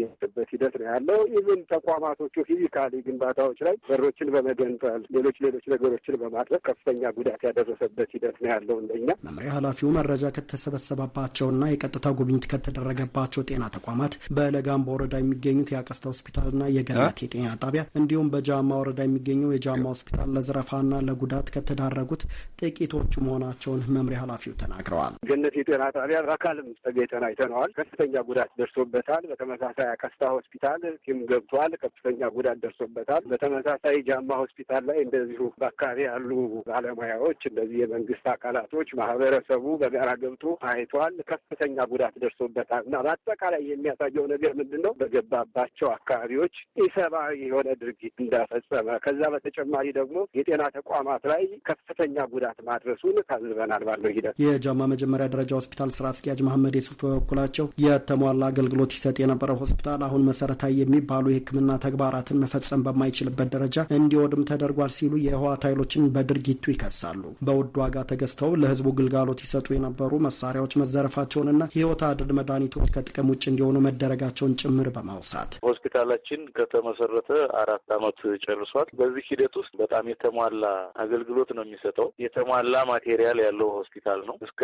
የበት ሂደት ነው ያለው። ኢቭን ተቋማቶቹ ፊዚካሊ ግንባታዎች ላይ በሮችን በመገንጠል ሌሎች ሌሎች ነገሮችን በማድረግ ከፍተኛ ጉዳት ያደረሰበት ሂደት ነው ያለው። እንደኛ መምሪያ ኃላፊው መረጃ ከተሰበሰበባቸውና የቀጥታ ጉብኝት ከተደረገባቸው ያላቸው ጤና ተቋማት በለጋምቦ ወረዳ የሚገኙት የአቀስታ ሆስፒታልና የገነት የጤና ጣቢያ እንዲሁም በጃማ ወረዳ የሚገኘው የጃማ ሆስፒታል ለዝረፋና ለጉዳት ከተዳረጉት ጥቂቶቹ መሆናቸውን መምሪያ ኃላፊው ተናግረዋል። ገነት የጤና ጣቢያ በአካልም ተገኝተን አይተነዋል። ከፍተኛ ጉዳት ደርሶበታል። በተመሳሳይ አቀስታ ሆስፒታል ቲም ገብቷል። ከፍተኛ ጉዳት ደርሶበታል። በተመሳሳይ ጃማ ሆስፒታል ላይ እንደዚሁ በአካባቢ ያሉ ባለሙያዎች እንደዚህ የመንግስት አካላቶች ማህበረሰቡ በጋራ ገብቶ አይቷል። ከፍተኛ ጉዳት ደርሶበታል እና አጠቃላይ የሚያሳየው ነገር ምንድን ነው? በገባባቸው አካባቢዎች ኢሰብአዊ የሆነ ድርጊት እንዳፈጸመ ከዛ በተጨማሪ ደግሞ የጤና ተቋማት ላይ ከፍተኛ ጉዳት ማድረሱን ታዝበናል ባለው ሂደት። የጃማ መጀመሪያ ደረጃ ሆስፒታል ስራ አስኪያጅ መሐመድ የሱፍ በበኩላቸው የተሟላ አገልግሎት ይሰጥ የነበረው ሆስፒታል አሁን መሰረታዊ የሚባሉ የሕክምና ተግባራትን መፈጸም በማይችልበት ደረጃ እንዲወድም ተደርጓል ሲሉ የህወሓት ኃይሎችን በድርጊቱ ይከሳሉ። በውድ ዋጋ ተገዝተው ለህዝቡ ግልጋሎት ይሰጡ የነበሩ መሳሪያዎች መዘረፋቸውንና ህይወት አድን መድኃኒቶች ከጥቅም ከጥቅም ውጭ እንዲሆኑ መደረጋቸውን ጭምር በማውሳት ሆስፒታላችን ከተመሰረተ አራት ዓመት ጨርሷል። በዚህ ሂደት ውስጥ በጣም የተሟላ አገልግሎት ነው የሚሰጠው። የተሟላ ማቴሪያል ያለው ሆስፒታል ነው። እስከ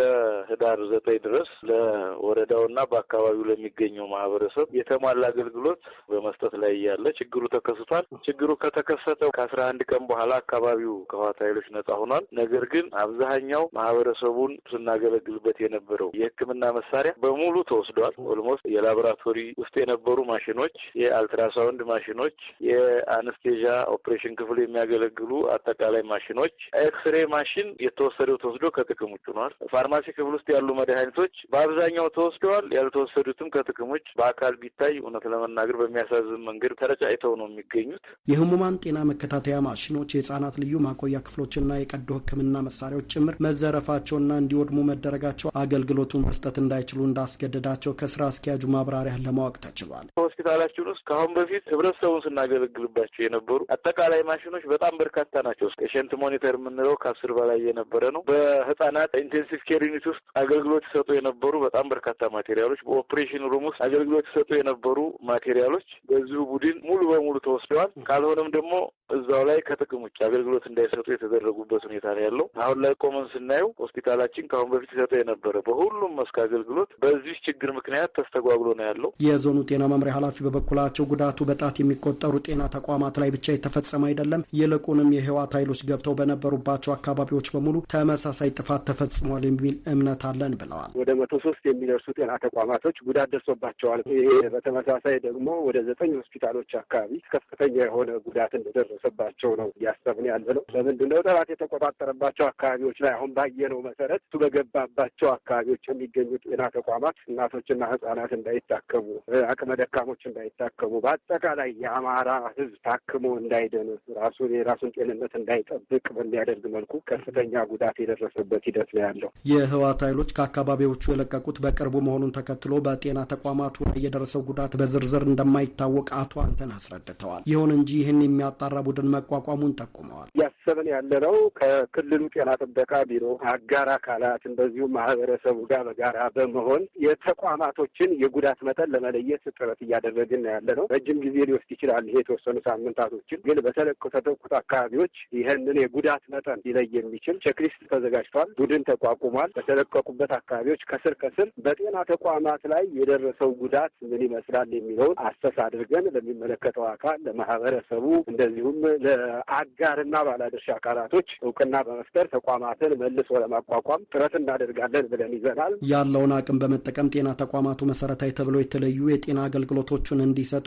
ህዳር ዘጠኝ ድረስ ለወረዳውና በአካባቢው ለሚገኘው ማህበረሰብ የተሟላ አገልግሎት በመስጠት ላይ እያለ ችግሩ ተከስቷል። ችግሩ ከተከሰተው ከአስራ አንድ ቀን በኋላ አካባቢው ከህወሓት ኃይሎች ነጻ ሆኗል። ነገር ግን አብዛኛው ማህበረሰቡን ስናገለግልበት የነበረው የህክምና መሳሪያ በሙሉ ተወስዷል። ሀሙስ የላቦራቶሪ ውስጥ የነበሩ ማሽኖች፣ የአልትራሳውንድ ማሽኖች፣ የአነስቴዣ ኦፕሬሽን ክፍል የሚያገለግሉ አጠቃላይ ማሽኖች፣ ኤክስሬ ማሽን የተወሰደው ተወስዶ ከጥቅም ውጭ ሆኗል። ፋርማሲ ክፍል ውስጥ ያሉ መድኃኒቶች በአብዛኛው ተወስደዋል። ያልተወሰዱትም ከጥቅም ውጭ በአካል ቢታይ እውነት ለመናገር በሚያሳዝን መንገድ ተረጫይተው ነው የሚገኙት። የህሙማን ጤና መከታተያ ማሽኖች፣ የህጻናት ልዩ ማቆያ ክፍሎችና የቀዶ ህክምና መሳሪያዎች ጭምር መዘረፋቸውና እንዲወድሙ መደረጋቸው አገልግሎቱን መስጠት እንዳይችሉ እንዳስገደዳቸው ከስራ አስኪያጁ ማብራሪያን ለማወቅ ተችሏል። ሆስፒታላችን ውስጥ ከአሁን በፊት ህብረተሰቡን ስናገለግልባቸው የነበሩ አጠቃላይ ማሽኖች በጣም በርካታ ናቸው። ፔሸንት ሞኒተር የምንለው ከአስር በላይ የነበረ ነው። በህጻናት ኢንቴንሲቭ ኬር ዩኒት ውስጥ አገልግሎት ይሰጡ የነበሩ በጣም በርካታ ማቴሪያሎች፣ በኦፕሬሽን ሩም ውስጥ አገልግሎት ይሰጡ የነበሩ ማቴሪያሎች በዚሁ ቡድን ሙሉ በሙሉ ተወስደዋል። ካልሆነም ደግሞ እዛው ላይ ከጥቅም ውጭ አገልግሎት እንዳይሰጡ የተደረጉበት ሁኔታ ነው ያለው። አሁን ላይ ቆመን ስናየው ሆስፒታላችን ከአሁን በፊት ሲሰጠ የነበረ በሁሉም መስክ አገልግሎት በዚህ ችግር ምክንያት ተጓጉሎ ነው ያለው። የዞኑ ጤና መምሪያ ኃላፊ በበኩላቸው ጉዳቱ በጣት የሚቆጠሩ ጤና ተቋማት ላይ ብቻ የተፈጸመ አይደለም፣ ይልቁንም የህወሓት ኃይሎች ገብተው በነበሩባቸው አካባቢዎች በሙሉ ተመሳሳይ ጥፋት ተፈጽሟል የሚል እምነት አለን ብለዋል። ወደ መቶ ሶስት የሚደርሱ ጤና ተቋማቶች ጉዳት ደርሶባቸዋል። ይሄ በተመሳሳይ ደግሞ ወደ ዘጠኝ ሆስፒታሎች አካባቢ ከፍተኛ የሆነ ጉዳት እንደደረሰባቸው ነው እያሰብን ያለ ነው። ለምንድነው ጠላት የተቆጣጠረባቸው አካባቢዎች ላይ አሁን ባየነው መሰረት እሱ በገባባቸው አካባቢዎች የሚገኙ ጤና ተቋማት እናቶችና ህጻናት ህጻናት እንዳይታከሙ፣ አቅመ ደካሞች እንዳይታከሙ፣ በአጠቃላይ የአማራ ህዝብ ታክሞ እንዳይደን ራሱን የራሱን ጤንነት እንዳይጠብቅ በሚያደርግ መልኩ ከፍተኛ ጉዳት የደረሰበት ሂደት ነው ያለው። የህወሓት ኃይሎች ከአካባቢዎቹ የለቀቁት በቅርቡ መሆኑን ተከትሎ በጤና ተቋማቱ ላይ የደረሰው ጉዳት በዝርዝር እንደማይታወቅ አቶ አንተን አስረድተዋል። ይሁን እንጂ ይህን የሚያጣራ ቡድን መቋቋሙን ጠቁመዋል። እያሰብን ያለነው ከክልሉ ጤና ጥበቃ ቢሮ አጋር አካላት እንደዚሁም ማህበረሰቡ ጋር በጋራ በመሆን የተቋማቶችን ግን የጉዳት መጠን ለመለየት ጥረት እያደረግን ያለ ነው። ረጅም ጊዜ ሊወስድ ይችላል። ይሄ የተወሰኑ ሳምንታቶችን ግን በተለቁት አካባቢዎች ይህንን የጉዳት መጠን ሊለይ የሚችል ቼክሊስት ተዘጋጅቷል። ቡድን ተቋቁሟል። በተለቀቁበት አካባቢዎች ከስር ከስር በጤና ተቋማት ላይ የደረሰው ጉዳት ምን ይመስላል የሚለውን አሰስ አድርገን ለሚመለከተው አካል ለማህበረሰቡ፣ እንደዚሁም ለአጋርና ባለድርሻ አካላቶች እውቅና በመፍጠር ተቋማትን መልሶ ለማቋቋም ጥረት እናደርጋለን ብለን ይዘናል። ያለውን አቅም በመጠቀም ጤና ተቋማቱ መሰረታዊ ተብለው የተለዩ የጤና አገልግሎቶችን እንዲሰጡ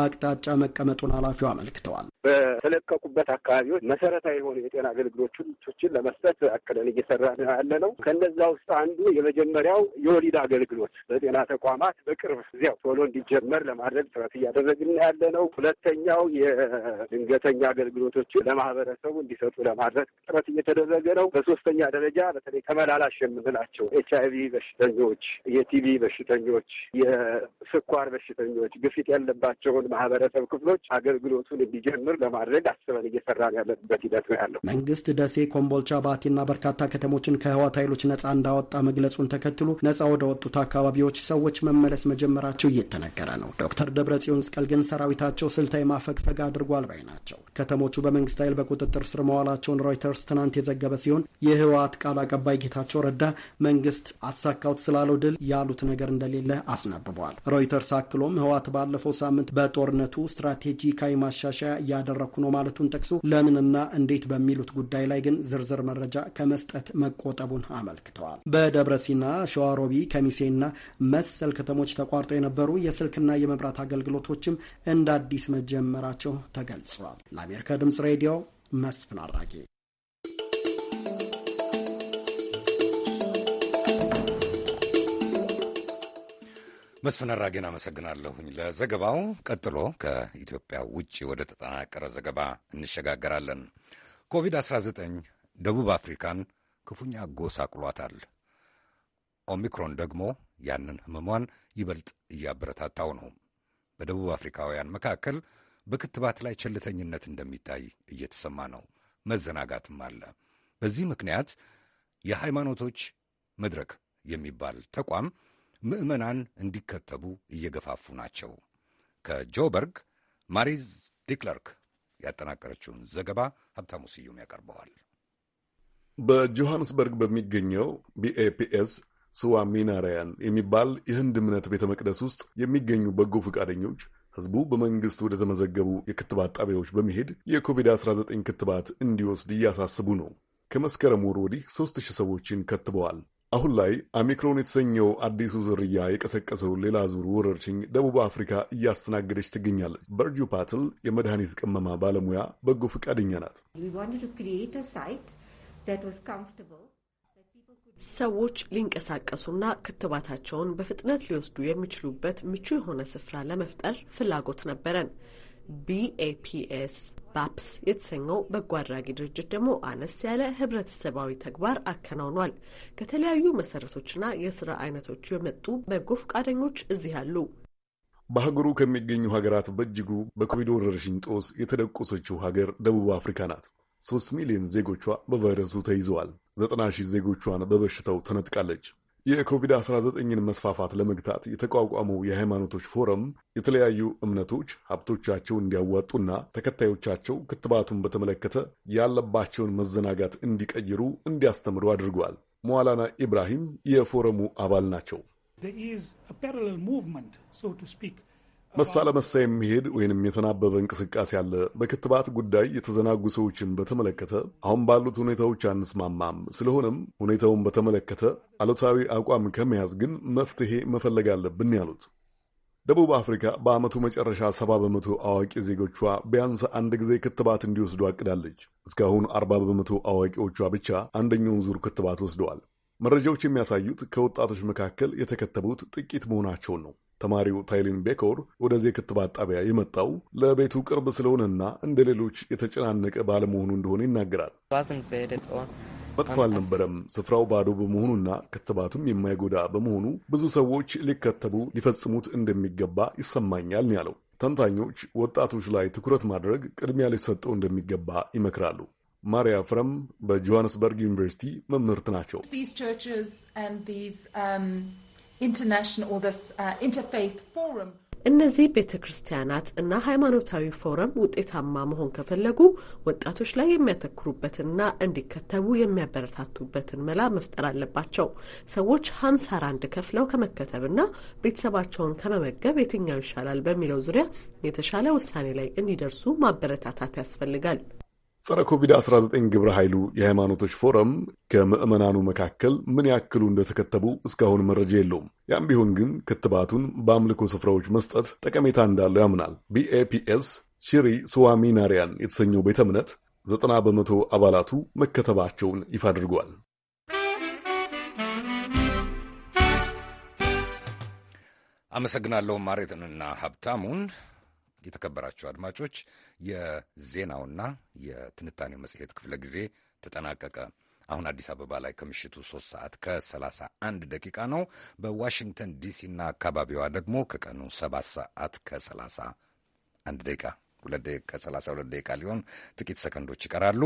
አቅጣጫ መቀመጡን ኃላፊው አመልክተዋል። በተለቀቁበት አካባቢዎች መሰረታዊ የሆኑ የጤና አገልግሎቶችን ለመስጠት አቅደን እየሰራ ያለ ነው። ከነዛ ውስጥ አንዱ የመጀመሪያው የወሊድ አገልግሎት በጤና ተቋማት በቅርብ እዚያው ቶሎ እንዲጀመር ለማድረግ ጥረት እያደረግን ያለ ነው። ሁለተኛው የድንገተኛ አገልግሎቶችን ለማህበረሰቡ እንዲሰጡ ለማድረግ ጥረት እየተደረገ ነው። በሶስተኛ ደረጃ በተለይ ተመላላሽ የምንላቸው ኤች ቪ በሽተኞች፣ የቲቪ በሽተኞች በሽተኞች፣ የስኳር በሽተኞች፣ ግፊት ያለባቸውን ማህበረሰብ ክፍሎች አገልግሎቱን እንዲጀምር ለማድረግ አስበን እየሰራ ያለበት ሂደት ነው ያለው። መንግስት ደሴ፣ ኮምቦልቻ፣ ባቲና በርካታ ከተሞችን ከህዋት ኃይሎች ነጻ እንዳወጣ መግለጹን ተከትሎ ነጻ ወደ ወጡት አካባቢዎች ሰዎች መመለስ መጀመራቸው እየተነገረ ነው። ዶክተር ደብረጽዮን ስቀል ግን ሰራዊታቸው ስልታዊ ማፈግፈግ አድርጓል ባይ ናቸው። ከተሞቹ በመንግስት ኃይል በቁጥጥር ስር መዋላቸውን ሮይተርስ ትናንት የዘገበ ሲሆን የህወሓት ቃል አቀባይ ጌታቸው ረዳ መንግስት አሳካውት ስላለው ድል ያሉት ነገር እንደሌለ አስነብቧል። ሮይተርስ አክሎም ህወሓት ባለፈው ሳምንት በጦርነቱ ስትራቴጂካዊ ማሻሻያ እያደረግኩ ነው ማለቱን ጠቅሶ ለምንና እንዴት በሚሉት ጉዳይ ላይ ግን ዝርዝር መረጃ ከመስጠት መቆጠቡን አመልክተዋል። በደብረሲና ሸዋሮቢ፣ ከሚሴና መሰል ከተሞች ተቋርጠው የነበሩ የስልክና የመብራት አገልግሎቶችም እንደ አዲስ መጀመራቸው ተገልጿል። ለአሜሪካ ድምጽ ሬዲዮ መስፍን አራጌ መስፍን አራጌን አመሰግናለሁኝ ለዘገባው። ቀጥሎ ከኢትዮጵያ ውጭ ወደ ተጠናቀረ ዘገባ እንሸጋገራለን። ኮቪድ-19 ደቡብ አፍሪካን ክፉኛ አጎሳቅሏታል። ኦሚክሮን ደግሞ ያንን ህመሟን ይበልጥ እያበረታታው ነው። በደቡብ አፍሪካውያን መካከል በክትባት ላይ ቸልተኝነት እንደሚታይ እየተሰማ ነው። መዘናጋትም አለ። በዚህ ምክንያት የሃይማኖቶች መድረክ የሚባል ተቋም ምዕመናን እንዲከተቡ እየገፋፉ ናቸው። ከጆበርግ ማሪዝ ዲክለርክ ያጠናቀረችውን ዘገባ ሀብታሙ ስዩም ያቀርበዋል። በጆሃንስበርግ በሚገኘው ቢኤፒኤስ ስዋ ሚናሪያን የሚባል የህንድ እምነት ቤተ መቅደስ ውስጥ የሚገኙ በጎ ፈቃደኞች ህዝቡ በመንግስት ወደ ተመዘገቡ የክትባት ጣቢያዎች በመሄድ የኮቪድ-19 ክትባት እንዲወስድ እያሳስቡ ነው። ከመስከረም ወር ወዲህ 3000 ሰዎችን ከትበዋል። አሁን ላይ ኦሚክሮን የተሰኘው አዲሱ ዝርያ የቀሰቀሰው ሌላ ዙር ወረርሽኝ ደቡብ አፍሪካ እያስተናገደች ትገኛለች። በርጁ ፓትል የመድኃኒት ቅመማ ባለሙያ በጎ ፈቃደኛ ናት። ሰዎች ሊንቀሳቀሱና ክትባታቸውን በፍጥነት ሊወስዱ የሚችሉበት ምቹ የሆነ ስፍራ ለመፍጠር ፍላጎት ነበረን። ቢኤፒኤስ ባፕስ የተሰኘው በጎ አድራጊ ድርጅት ደግሞ አነስ ያለ ህብረተሰባዊ ተግባር አከናውኗል። ከተለያዩ መሰረቶችና የስራ አይነቶች የመጡ በጎ ፈቃደኞች እዚህ አሉ። በሀገሩ ከሚገኙ ሀገራት በእጅጉ በኮቪድ ወረርሽኝ ጦስ የተደቆሰችው ሀገር ደቡብ አፍሪካ ናት። ሶስት ሚሊዮን ዜጎቿ በቫይረሱ ተይዘዋል። ዘጠና ሺህ ዜጎቿን በበሽታው ተነጥቃለች። የኮቪድ-19ን መስፋፋት ለመግታት የተቋቋመው የሃይማኖቶች ፎረም የተለያዩ እምነቶች ሀብቶቻቸው እንዲያዋጡና ተከታዮቻቸው ክትባቱን በተመለከተ ያለባቸውን መዘናጋት እንዲቀይሩ እንዲያስተምሩ አድርጓል። ሟላና ኢብራሂም የፎረሙ አባል ናቸው። መሳ ለመሳ የሚሄድ ወይንም የተናበበ እንቅስቃሴ አለ። በክትባት ጉዳይ የተዘናጉ ሰዎችን በተመለከተ አሁን ባሉት ሁኔታዎች አንስማማም። ስለሆነም ሁኔታውን በተመለከተ አሉታዊ አቋም ከመያዝ ግን መፍትሄ መፈለግ አለብን ያሉት ደቡብ አፍሪካ በዓመቱ መጨረሻ ሰባ በመቶ አዋቂ ዜጎቿ ቢያንስ አንድ ጊዜ ክትባት እንዲወስዱ አቅዳለች። እስካሁን አርባ በመቶ አዋቂዎቿ ብቻ አንደኛውን ዙር ክትባት ወስደዋል። መረጃዎች የሚያሳዩት ከወጣቶች መካከል የተከተቡት ጥቂት መሆናቸውን ነው። ተማሪው ታይሊን ቤኮር ወደዚህ የክትባት ጣቢያ የመጣው ለቤቱ ቅርብ ስለሆነና እንደ ሌሎች የተጨናነቀ ባለመሆኑ እንደሆነ ይናገራል። መጥፎ አልነበረም። ስፍራው ባዶ በመሆኑና ክትባቱም የማይጎዳ በመሆኑ ብዙ ሰዎች ሊከተቡ ሊፈጽሙት እንደሚገባ ይሰማኛል ነው ያለው። ተንታኞች ወጣቶች ላይ ትኩረት ማድረግ ቅድሚያ ሊሰጠው እንደሚገባ ይመክራሉ። ማሪያ ፍረም በጆሃንስበርግ ዩኒቨርሲቲ መምህርት ናቸው። um, uh, እነዚህ ቤተ ክርስቲያናት እና ሃይማኖታዊ ፎረም ውጤታማ መሆን ከፈለጉ ወጣቶች ላይ የሚያተክሩበትንና እንዲከተቡ የሚያበረታቱበትን መላ መፍጠር አለባቸው። ሰዎች ሀምሳ ራንድ ከፍለው ከመከተብና ቤተሰባቸውን ከመመገብ የትኛው ይሻላል በሚለው ዙሪያ የተሻለ ውሳኔ ላይ እንዲደርሱ ማበረታታት ያስፈልጋል። ጸረ ኮቪድ-19 ግብረ ኃይሉ የሃይማኖቶች ፎረም ከምዕመናኑ መካከል ምን ያክሉ እንደተከተቡ እስካሁን መረጃ የለውም። ያም ቢሆን ግን ክትባቱን በአምልኮ ስፍራዎች መስጠት ጠቀሜታ እንዳለው ያምናል። ቢኤፒኤስ ስዋሚ ስዋሚናሪያን የተሰኘው ቤተ እምነት ዘጠና በመቶ አባላቱ መከተባቸውን ይፋ አድርጓል። አመሰግናለሁ ማሬትንና ሀብታሙን። የተከበራችሁ አድማጮች የዜናውና የትንታኔው መጽሔት ክፍለ ጊዜ ተጠናቀቀ። አሁን አዲስ አበባ ላይ ከምሽቱ 3 ሰዓት ከ31 ደቂቃ ነው። በዋሽንግተን ዲሲና አካባቢዋ ደግሞ ከቀኑ 7 ሰዓት ከ31 ደቂቃ ከ32 ደቂቃ ሊሆን ጥቂት ሰከንዶች ይቀራሉ።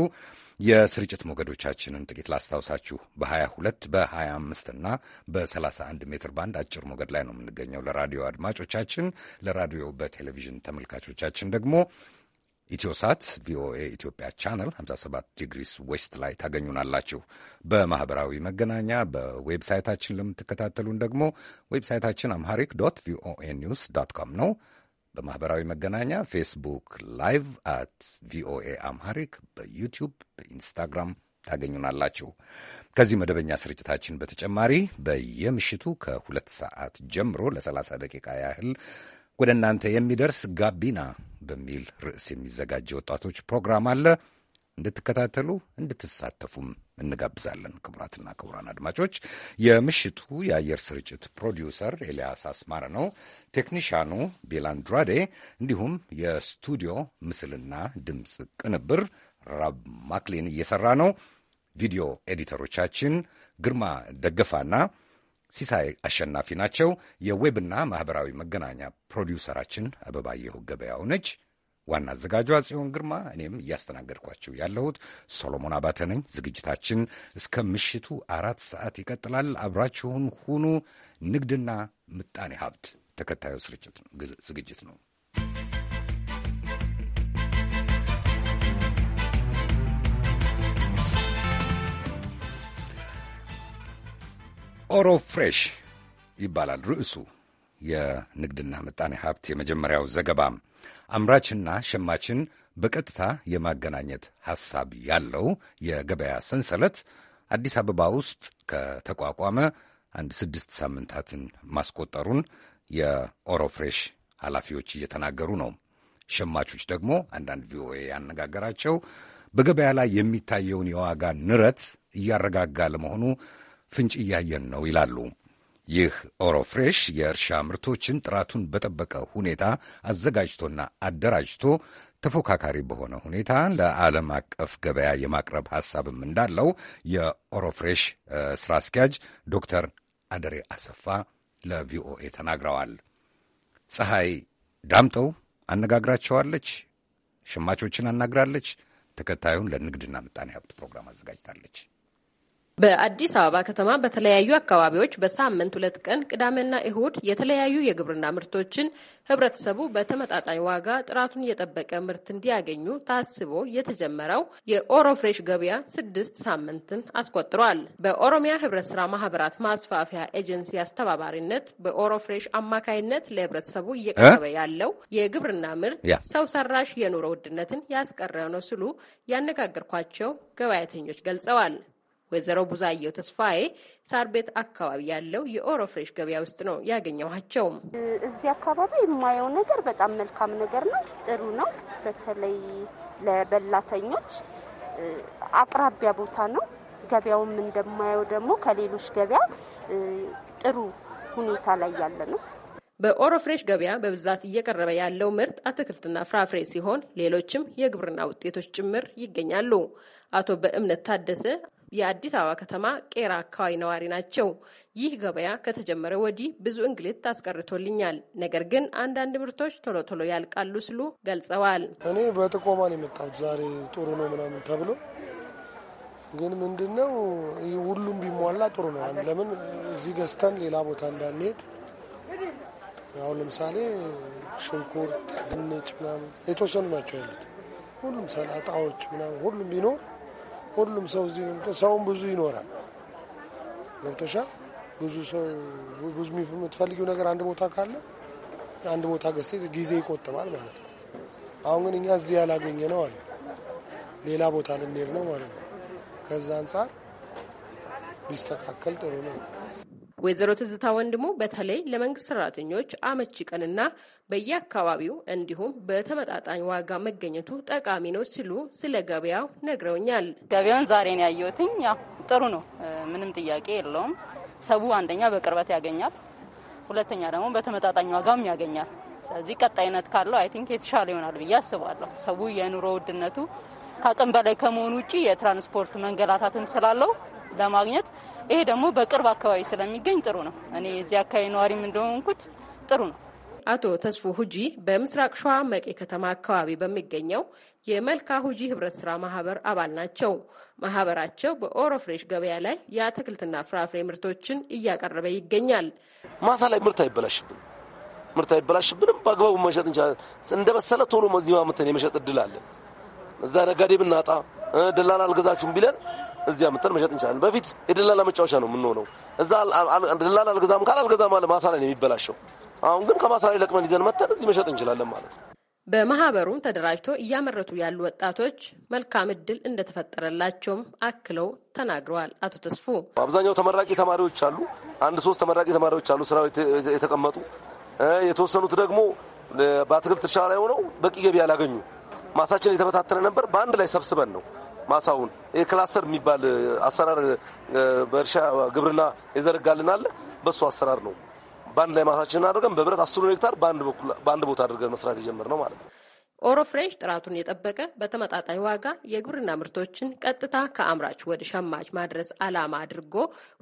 የስርጭት ሞገዶቻችንን ጥቂት ላስታውሳችሁ። በ22 በ25 እና በ31 ሜትር ባንድ አጭር ሞገድ ላይ ነው የምንገኘው። ለራዲዮ አድማጮቻችን፣ ለራዲዮ በቴሌቪዥን ተመልካቾቻችን ደግሞ ኢትዮሳት ቪኦኤ ኢትዮጵያ ቻነል 57 ዲግሪስ ዌስት ላይ ታገኙናላችሁ። በማኅበራዊ መገናኛ በዌብሳይታችን ለምትከታተሉን ደግሞ ዌብሳይታችን አምሃሪክ ዶት ቪኦኤ ኒውስ ዶት ኮም ነው። በማኅበራዊ መገናኛ ፌስቡክ ላይቭ አት ቪኦኤ አምሃሪክ፣ በዩቲዩብ በኢንስታግራም ታገኙናላችሁ። ከዚህ መደበኛ ስርጭታችን በተጨማሪ በየምሽቱ ከሁለት ሰዓት ጀምሮ ለ30 ደቂቃ ያህል ወደ እናንተ የሚደርስ ጋቢና በሚል ርዕስ የሚዘጋጅ ወጣቶች ፕሮግራም አለ። እንድትከታተሉ እንድትሳተፉም እንጋብዛለን። ክቡራትና ክቡራን አድማጮች የምሽቱ የአየር ስርጭት ፕሮዲውሰር ኤልያስ አስማረ ነው። ቴክኒሽያኑ ቤላንድራዴ፣ እንዲሁም የስቱዲዮ ምስልና ድምፅ ቅንብር ራብ ማክሊን እየሰራ ነው። ቪዲዮ ኤዲተሮቻችን ግርማ ደገፋና ሲሳይ አሸናፊ ናቸው። የዌብና ማኅበራዊ መገናኛ ፕሮዲውሰራችን አበባየሁ ገበያው ነች። ዋና አዘጋጇ ጽዮን ግርማ፣ እኔም እያስተናገድኳችሁ ያለሁት ሶሎሞን አባተ ነኝ። ዝግጅታችን እስከ ምሽቱ አራት ሰዓት ይቀጥላል። አብራችሁን ሁኑ። ንግድና ምጣኔ ሀብት ተከታዩ ስርጭት ዝግጅት ነው። ኦሮ ፍሬሽ ይባላል ርዕሱ የንግድና ምጣኔ ሀብት የመጀመሪያው ዘገባም አምራችና ሸማችን በቀጥታ የማገናኘት ሐሳብ ያለው የገበያ ሰንሰለት አዲስ አበባ ውስጥ ከተቋቋመ አንድ ስድስት ሳምንታትን ማስቆጠሩን የኦሮፍሬሽ ኃላፊዎች እየተናገሩ ነው። ሸማቾች ደግሞ አንዳንድ ቪኦኤ ያነጋገራቸው በገበያ ላይ የሚታየውን የዋጋ ንረት እያረጋጋ ለመሆኑ ፍንጭ እያየን ነው ይላሉ። ይህ ኦሮፍሬሽ የእርሻ ምርቶችን ጥራቱን በጠበቀ ሁኔታ አዘጋጅቶና አደራጅቶ ተፎካካሪ በሆነ ሁኔታ ለዓለም አቀፍ ገበያ የማቅረብ ሐሳብም እንዳለው የኦሮፍሬሽ ስራ አስኪያጅ ዶክተር አደሬ አሰፋ ለቪኦኤ ተናግረዋል። ፀሐይ ዳምጠው አነጋግራቸዋለች፣ ሸማቾችን አናግራለች። ተከታዩን ለንግድና ምጣኔ ሀብት ፕሮግራም አዘጋጅታለች። በአዲስ አበባ ከተማ በተለያዩ አካባቢዎች በሳምንት ሁለት ቀን ቅዳሜና እሁድ የተለያዩ የግብርና ምርቶችን ህብረተሰቡ በተመጣጣኝ ዋጋ ጥራቱን የጠበቀ ምርት እንዲያገኙ ታስቦ የተጀመረው የኦሮ ፍሬሽ ገበያ ስድስት ሳምንትን አስቆጥሯል። በኦሮሚያ ህብረት ስራ ማህበራት ማስፋፊያ ኤጀንሲ አስተባባሪነት በኦሮ ፍሬሽ አማካይነት ለህብረተሰቡ እየቀረበ ያለው የግብርና ምርት ሰው ሰራሽ የኑሮ ውድነትን ያስቀረ ነው ሲሉ ያነጋገርኳቸው ገበያተኞች ገልጸዋል። ወይዘሮ ቡዛየው ተስፋዬ ሳር ቤት አካባቢ ያለው የኦሮ ፍሬሽ ገበያ ውስጥ ነው ያገኘኋቸው። እዚህ አካባቢ የማየው ነገር በጣም መልካም ነገር ነው፣ ጥሩ ነው። በተለይ ለበላተኞች አቅራቢያ ቦታ ነው። ገበያውም እንደማየው ደግሞ ከሌሎች ገበያ ጥሩ ሁኔታ ላይ ያለ ነው። በኦሮ ፍሬሽ ገበያ በብዛት እየቀረበ ያለው ምርት አትክልትና ፍራፍሬ ሲሆን ሌሎችም የግብርና ውጤቶች ጭምር ይገኛሉ። አቶ በእምነት ታደሰ የአዲስ አበባ ከተማ ቄራ አካባቢ ነዋሪ ናቸው። ይህ ገበያ ከተጀመረ ወዲህ ብዙ እንግልት አስቀርቶልኛል፣ ነገር ግን አንዳንድ ምርቶች ቶሎ ቶሎ ያልቃሉ ስሉ ገልጸዋል። እኔ በጥቆማ ነው የመጣሁት ዛሬ ጥሩ ነው ምናምን ተብሎ ግን ምንድን ነው ሁሉም ቢሟላ ጥሩ ነው። ለምን እዚህ ገዝተን ሌላ ቦታ እንዳንሄድ። አሁን ለምሳሌ ሽንኩርት፣ ድንች ምናምን የተወሰኑ ናቸው ያሉት። ሁሉም ሰላጣዎች ምናምን ሁሉም ቢኖር ሁሉም ሰው እዚህ ሰውም ብዙ ይኖራል። ገብቶሻል? ብዙ ሰው ብዙ የምትፈልጊው ነገር አንድ ቦታ ካለ አንድ ቦታ ገዝቴ ጊዜ ይቆጥባል ማለት ነው። አሁን ግን እኛ እዚህ ያላገኘ ነው አለ ሌላ ቦታ ልንሄድ ነው ማለት ነው። ከዛ አንጻር ቢስተካከል ጥሩ ነው። ወይዘሮ ትዝታ ወንድሙ በተለይ ለመንግስት ሰራተኞች አመቺ ቀንና በየአካባቢው እንዲሁም በተመጣጣኝ ዋጋ መገኘቱ ጠቃሚ ነው ሲሉ ስለ ገበያው ነግረውኛል። ገበያውን ዛሬን ያየሁትኝ ያው ጥሩ ነው፣ ምንም ጥያቄ የለውም። ሰቡ አንደኛ በቅርበት ያገኛል፣ ሁለተኛ ደግሞ በተመጣጣኝ ዋጋም ያገኛል። ስለዚህ ቀጣይነት ካለው አይ ቲንክ የተሻለ ይሆናል ብዬ አስባለሁ። ሰቡ የኑሮ ውድነቱ ከአቅም በላይ ከመሆኑ ውጭ የትራንስፖርት መንገላታትም ስላለው ለማግኘት ይሄ ደግሞ በቅርብ አካባቢ ስለሚገኝ ጥሩ ነው። እኔ እዚህ አካባቢ ነዋሪም እንደሆንኩት ጥሩ ነው። አቶ ተስፎ ሁጂ በምስራቅ ሸዋ መቄ ከተማ አካባቢ በሚገኘው የመልካ ሁጂ ህብረት ስራ ማህበር አባል ናቸው። ማህበራቸው በኦሮፍሬሽ ገበያ ላይ የአትክልትና ፍራፍሬ ምርቶችን እያቀረበ ይገኛል። ማሳ ላይ ምርት አይበላሽብን ምርት አይበላሽብንም። በአግባቡ መሸጥ እንችላለን። እንደበሰለ ቶሎ መዚህ ማምተን የመሸጥ እድል እዛ ነጋዴ ብናጣ ደላላ አልገዛችሁም ቢለን እዚያ አምጥተን መሸጥ እንችላለን። በፊት የደላላ መጫወቻ ነው የምንሆነው። እዛ ደላላ አልገዛም ካል አልገዛም አለ ማሳ ላይ ነው የሚበላሸው። አሁን ግን ከማሳ ላይ ለቅመን ይዘን መጥተን እዚህ መሸጥ እንችላለን ማለት ነው። በማህበሩም ተደራጅቶ እያመረቱ ያሉ ወጣቶች መልካም እድል እንደተፈጠረላቸውም አክለው ተናግረዋል። አቶ ተስፉ አብዛኛው ተመራቂ ተማሪዎች አሉ። አንድ ሶስት ተመራቂ ተማሪዎች አሉ ስራው የተቀመጡ የተወሰኑት ደግሞ በአትክልት እርሻ ላይ ሆነው በቂ ገቢ ያላገኙ ማሳችን የተበታተነ ነበር። በአንድ ላይ ሰብስበን ነው ማሳውን ይሄ ክላስተር የሚባል አሰራር በእርሻ ግብርና የዘረጋልን አለ። በሱ አሰራር ነው በአንድ ላይ ማሳችን አድርገን በብረት አስሩን ሄክታር በአንድ ቦታ አድርገን መስራት ነው ማለት ነው። ኦሮ ፍሬሽ ጥራቱን የጠበቀ በተመጣጣኝ ዋጋ የግብርና ምርቶችን ቀጥታ ከአምራች ወደ ሸማች ማድረስ ዓላማ አድርጎ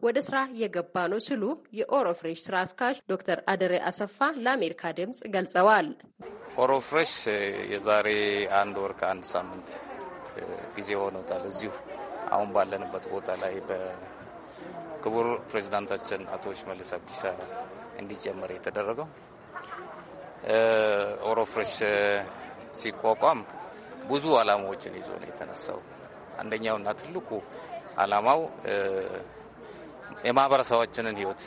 ወደ ስራ የገባ ነው ሲሉ የኦሮ ፍሬሽ ስራ አስኪያጅ ዶክተር አደሬ አሰፋ ለአሜሪካ ድምጽ ገልጸዋል። ኦሮ ፍሬሽ የዛሬ አንድ ወር ከአንድ ሳምንት ጊዜ ሆኖታል። እዚሁ አሁን ባለንበት ቦታ ላይ በክቡር ፕሬዚዳንታችን አቶ ሽመልስ አብዲሳ እንዲጀመር የተደረገው ኦሮፍሬሽ ሲቋቋም ብዙ አላማዎችን ይዞ ነው የተነሳው። አንደኛውና ትልቁ አላማው የማህበረሰባችንን ህይወት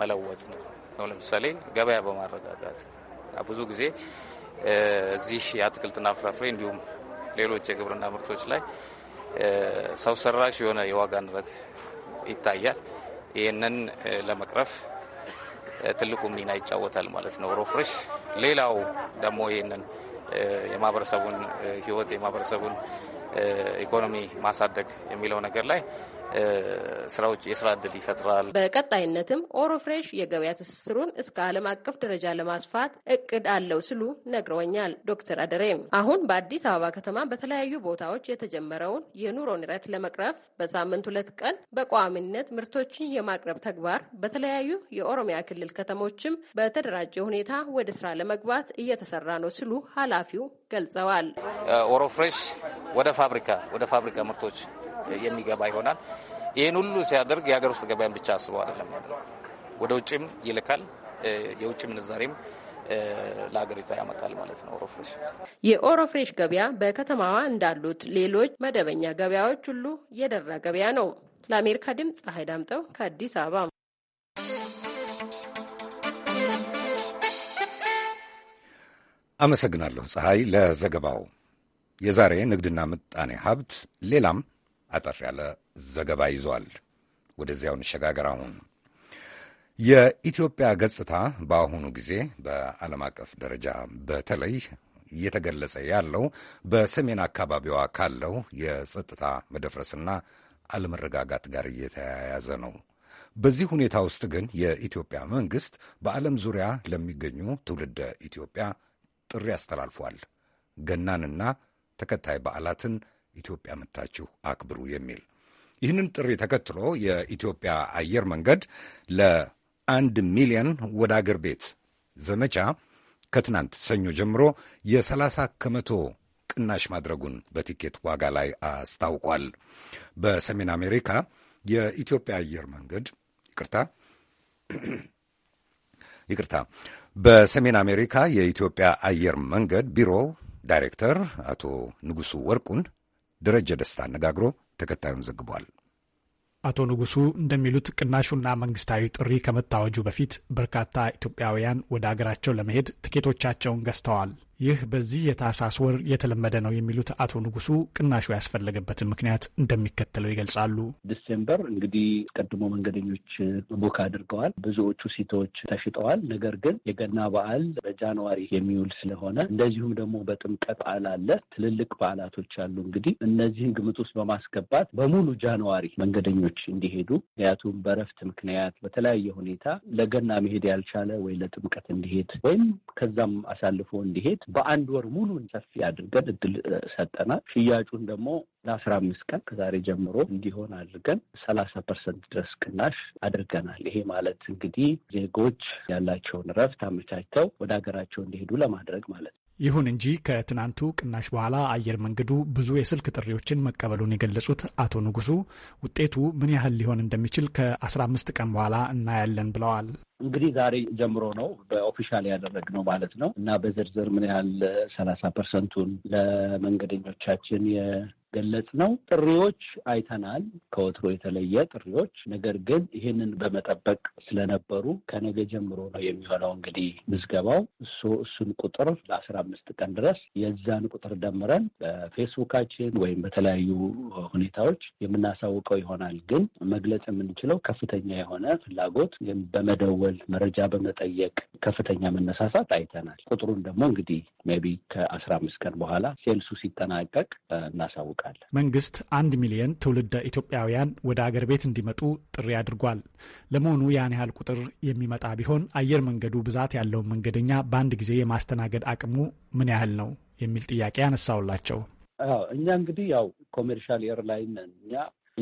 መለወጥ ነው። ለምሳሌ ገበያ በማረጋጋት ብዙ ጊዜ እዚህ የአትክልትና ፍራፍሬ እንዲሁም ሌሎች የግብርና ምርቶች ላይ ሰው ሰራሽ የሆነ የዋጋ ንረት ይታያል። ይህንን ለመቅረፍ ትልቁ ሚና ይጫወታል ማለት ነው ሮፍሬሽ። ሌላው ደግሞ ይህንን የማህበረሰቡን ህይወት የማህበረሰቡን ኢኮኖሚ ማሳደግ የሚለው ነገር ላይ ስራዎች የስራ እድል ይፈጥራል። በቀጣይነትም ኦሮፍሬሽ የገበያ ትስስሩን እስከ ዓለም አቀፍ ደረጃ ለማስፋት እቅድ አለው ስሉ ነግረውኛል ዶክተር አደሬም። አሁን በአዲስ አበባ ከተማ በተለያዩ ቦታዎች የተጀመረውን የኑሮ ንረት ለመቅረፍ በሳምንት ሁለት ቀን በቋሚነት ምርቶችን የማቅረብ ተግባር በተለያዩ የኦሮሚያ ክልል ከተሞችም በተደራጀ ሁኔታ ወደ ስራ ለመግባት እየተሰራ ነው ስሉ ኃላፊው ገልጸዋል። ኦሮፍሬሽ ወደ ፋብሪካ ወደ ፋብሪካ ምርቶች የሚገባ ይሆናል። ይህን ሁሉ ሲያደርግ የሀገር ውስጥ ገበያን ብቻ አስበው አይደለም ያደርገው፣ ወደ ውጭም ይልካል። የውጭ ምንዛሬም ለሀገሪቷ ያመጣል ማለት ነው። ኦሮፍሬሽ የኦሮፍሬሽ ገበያ በከተማዋ እንዳሉት ሌሎች መደበኛ ገበያዎች ሁሉ የደራ ገበያ ነው። ለአሜሪካ ድምፅ ፀሐይ ዳምጠው ከአዲስ አበባ። አመሰግናለሁ ፀሐይ ለዘገባው። የዛሬ ንግድና ምጣኔ ሀብት ሌላም አጠር ያለ ዘገባ ይዟል። ወደዚያው እንሸጋገር። አሁን የኢትዮጵያ ገጽታ በአሁኑ ጊዜ በዓለም አቀፍ ደረጃ በተለይ እየተገለጸ ያለው በሰሜን አካባቢዋ ካለው የጸጥታ መደፍረስና አለመረጋጋት ጋር እየተያያዘ ነው። በዚህ ሁኔታ ውስጥ ግን የኢትዮጵያ መንግሥት በዓለም ዙሪያ ለሚገኙ ትውልደ ኢትዮጵያ ጥሪ አስተላልፏል። ገናንና ተከታይ በዓላትን ኢትዮጵያ መታችሁ አክብሩ የሚል ይህንን ጥሪ ተከትሎ የኢትዮጵያ አየር መንገድ ለአንድ ሚሊዮን ወደ አገር ቤት ዘመቻ ከትናንት ሰኞ ጀምሮ የ30 ከመቶ ቅናሽ ማድረጉን በቲኬት ዋጋ ላይ አስታውቋል። በሰሜን አሜሪካ የኢትዮጵያ አየር መንገድ ይቅርታ ይቅርታ በሰሜን አሜሪካ የኢትዮጵያ አየር መንገድ ቢሮ ዳይሬክተር አቶ ንጉሱ ወርቁን ደረጀ ደስታ አነጋግሮ ተከታዩን ዘግቧል። አቶ ንጉሱ እንደሚሉት ቅናሹና መንግስታዊ ጥሪ ከመታወጁ በፊት በርካታ ኢትዮጵያውያን ወደ አገራቸው ለመሄድ ትኬቶቻቸውን ገዝተዋል። ይህ በዚህ የታህሳስ ወር የተለመደ ነው የሚሉት አቶ ንጉሱ ቅናሹ ያስፈለገበትን ምክንያት እንደሚከተለው ይገልጻሉ። ዲሴምበር እንግዲህ ቀድሞ መንገደኞች ቡክ አድርገዋል። ብዙዎቹ ሲቶች ተሽጠዋል። ነገር ግን የገና በዓል በጃንዋሪ የሚውል ስለሆነ እንደዚሁም ደግሞ በጥምቀት በዓል አለ። ትልልቅ በዓላቶች አሉ። እንግዲህ እነዚህን ግምት ውስጥ በማስገባት በሙሉ ጃንዋሪ መንገደኞች እንዲሄዱ ምክንያቱም በእረፍት ምክንያት በተለያየ ሁኔታ ለገና መሄድ ያልቻለ ወይ ለጥምቀት እንዲሄድ ወይም ከዛም አሳልፎ እንዲሄድ በአንድ ወር ሙሉን ሰፊ አድርገን እድል ሰጠናል። ሽያጩን ደግሞ ለአስራ አምስት ቀን ከዛሬ ጀምሮ እንዲሆን አድርገን ሰላሳ ፐርሰንት ድረስ ቅናሽ አድርገናል። ይሄ ማለት እንግዲህ ዜጎች ያላቸውን እረፍት አመቻችተው ወደ ሀገራቸው እንዲሄዱ ለማድረግ ማለት ነው። ይሁን እንጂ ከትናንቱ ቅናሽ በኋላ አየር መንገዱ ብዙ የስልክ ጥሪዎችን መቀበሉን የገለጹት አቶ ንጉሱ ውጤቱ ምን ያህል ሊሆን እንደሚችል ከአስራ አምስት ቀን በኋላ እናያለን ብለዋል። እንግዲህ ዛሬ ጀምሮ ነው በኦፊሻል ያደረግነው ማለት ነው እና በዝርዝር ምን ያህል ሰላሳ ፐርሰንቱን ለመንገደኞቻችን ገለጽ ነው። ጥሪዎች አይተናል፣ ከወትሮ የተለየ ጥሪዎች። ነገር ግን ይህንን በመጠበቅ ስለነበሩ ከነገ ጀምሮ ነው የሚሆነው እንግዲህ ምዝገባው። እሱ እሱን ቁጥር ለአስራ አምስት ቀን ድረስ የዛን ቁጥር ደምረን በፌስቡካችን ወይም በተለያዩ ሁኔታዎች የምናሳውቀው ይሆናል። ግን መግለጽ የምንችለው ከፍተኛ የሆነ ፍላጎት በመደወ በመደወል መረጃ በመጠየቅ ከፍተኛ መነሳሳት አይተናል። ቁጥሩን ደግሞ እንግዲህ ሜቢ ከአስራ አምስት ቀን በኋላ ሴልሱ ሲጠናቀቅ እናሳውቃለን። መንግስት አንድ ሚሊየን ትውልደ ኢትዮጵያውያን ወደ አገር ቤት እንዲመጡ ጥሪ አድርጓል። ለመሆኑ ያን ያህል ቁጥር የሚመጣ ቢሆን አየር መንገዱ ብዛት ያለውን መንገደኛ በአንድ ጊዜ የማስተናገድ አቅሙ ምን ያህል ነው የሚል ጥያቄ ያነሳውላቸው። እኛ እንግዲህ ያው ኮሜርሻል ኤርላይን እኛ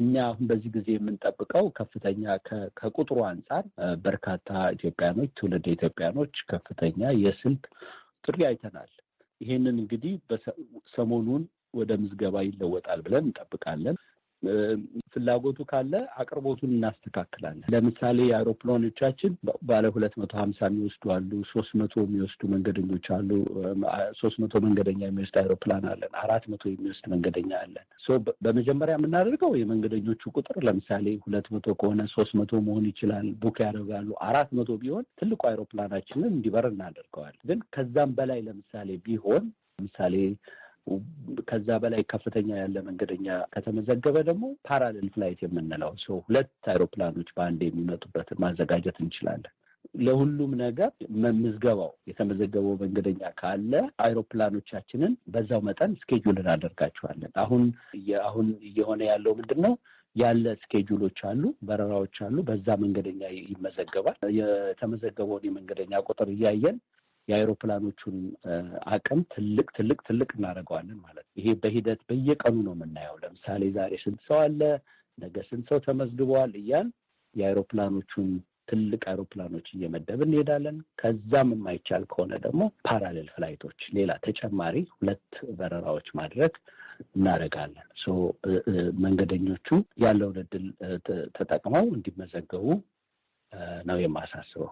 እኛ አሁን በዚህ ጊዜ የምንጠብቀው ከፍተኛ ከቁጥሩ አንጻር በርካታ ኢትዮጵያኖች፣ ትውልድ ኢትዮጵያኖች ከፍተኛ የስልት ጥሪ አይተናል። ይሄንን እንግዲህ ሰሞኑን ወደ ምዝገባ ይለወጣል ብለን እንጠብቃለን። ፍላጎቱ ካለ አቅርቦቱን እናስተካክላለን። ለምሳሌ የአውሮፕላኖቻችን ባለ ሁለት መቶ ሀምሳ የሚወስዱ አሉ፣ ሶስት መቶ የሚወስዱ መንገደኞች አሉ። ሶስት መቶ መንገደኛ የሚወስድ አውሮፕላን አለን፣ አራት መቶ የሚወስድ መንገደኛ አለን። በመጀመሪያ የምናደርገው የመንገደኞቹ ቁጥር ለምሳሌ ሁለት መቶ ከሆነ ሶስት መቶ መሆን ይችላል። ቡክ ያደርጋሉ። አራት መቶ ቢሆን ትልቁ አውሮፕላናችንን እንዲበር እናደርገዋል። ግን ከዛም በላይ ለምሳሌ ቢሆን ለምሳሌ ከዛ በላይ ከፍተኛ ያለ መንገደኛ ከተመዘገበ ደግሞ ፓራሌል ፍላይት የምንለው ሰው ሁለት አይሮፕላኖች በአንድ የሚመጡበት ማዘጋጀት እንችላለን። ለሁሉም ነገር ምዝገባው የተመዘገበው መንገደኛ ካለ አይሮፕላኖቻችንን በዛው መጠን ስኬጁል እናደርጋቸዋለን። አሁን አሁን እየሆነ ያለው ምንድን ነው? ያለ ስኬጁሎች አሉ፣ በረራዎች አሉ። በዛ መንገደኛ ይመዘገባል። የተመዘገበውን የመንገደኛ ቁጥር እያየን የአይሮፕላኖቹን አቅም ትልቅ ትልቅ ትልቅ እናደርገዋለን ማለት ነው። ይሄ በሂደት በየቀኑ ነው የምናየው። ለምሳሌ ዛሬ ስንት ሰው አለ፣ ነገ ስንት ሰው ተመዝግበዋል እያል የአይሮፕላኖቹን ትልቅ አይሮፕላኖች እየመደብ እንሄዳለን። ከዛም የማይቻል ከሆነ ደግሞ ፓራሌል ፍላይቶች ሌላ ተጨማሪ ሁለት በረራዎች ማድረግ እናደርጋለን። መንገደኞቹ ያለውን እድል ተጠቅመው እንዲመዘገቡ ነው የማሳስበው።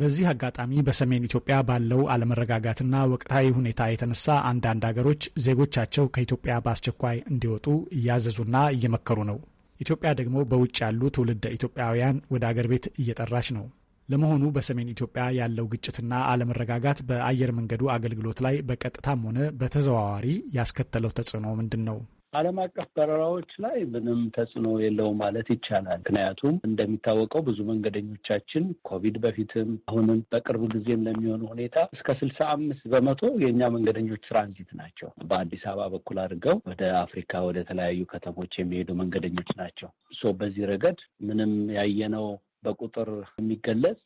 በዚህ አጋጣሚ በሰሜን ኢትዮጵያ ባለው አለመረጋጋትና ወቅታዊ ሁኔታ የተነሳ አንዳንድ አገሮች ዜጎቻቸው ከኢትዮጵያ በአስቸኳይ እንዲወጡ እያዘዙና እየመከሩ ነው። ኢትዮጵያ ደግሞ በውጭ ያሉ ትውልደ ኢትዮጵያውያን ወደ አገር ቤት እየጠራች ነው። ለመሆኑ በሰሜን ኢትዮጵያ ያለው ግጭትና አለመረጋጋት በአየር መንገዱ አገልግሎት ላይ በቀጥታም ሆነ በተዘዋዋሪ ያስከተለው ተጽዕኖ ምንድን ነው? ዓለም አቀፍ በረራዎች ላይ ምንም ተጽዕኖ የለውም ማለት ይቻላል። ምክንያቱም እንደሚታወቀው ብዙ መንገደኞቻችን ኮቪድ በፊትም አሁንም በቅርብ ጊዜም ለሚሆኑ ሁኔታ እስከ ስልሳ አምስት በመቶ የእኛ መንገደኞች ትራንዚት ናቸው። በአዲስ አበባ በኩል አድርገው ወደ አፍሪካ ወደ ተለያዩ ከተሞች የሚሄዱ መንገደኞች ናቸው። ሶ በዚህ ረገድ ምንም ያየነው በቁጥር የሚገለጽ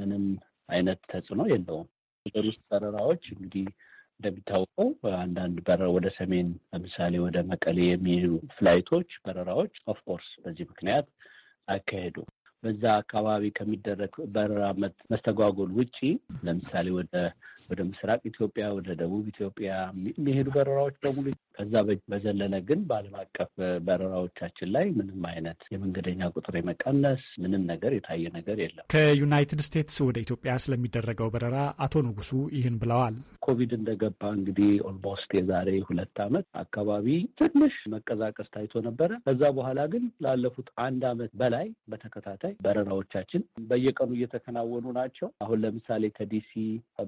ምንም አይነት ተጽዕኖ የለውም። ሀገር ውስጥ በረራዎች እንግዲህ እንደሚታወቀው አንዳንድ በረ ወደ ሰሜን ለምሳሌ ወደ መቀሌ የሚሄዱ ፍላይቶች በረራዎች ኦፍኮርስ በዚህ ምክንያት አካሄዱ በዛ አካባቢ ከሚደረግ በረራ መስተጓጎል ውጪ ለምሳሌ ወደ ወደ ምስራቅ ኢትዮጵያ ወደ ደቡብ ኢትዮጵያ የሚሄዱ በረራዎች በሙሉ ከዛ በዘለለ ግን በዓለም አቀፍ በረራዎቻችን ላይ ምንም አይነት የመንገደኛ ቁጥር የመቀነስ ምንም ነገር የታየ ነገር የለም። ከዩናይትድ ስቴትስ ወደ ኢትዮጵያ ስለሚደረገው በረራ አቶ ንጉሱ ይህን ብለዋል። ኮቪድ እንደገባ እንግዲህ ኦልሞስት የዛሬ ሁለት ዓመት አካባቢ ትንሽ መቀዛቀስ ታይቶ ነበረ። ከዛ በኋላ ግን ላለፉት አንድ ዓመት በላይ በተከታታይ በረራዎቻችን በየቀኑ እየተከናወኑ ናቸው። አሁን ለምሳሌ ከዲሲ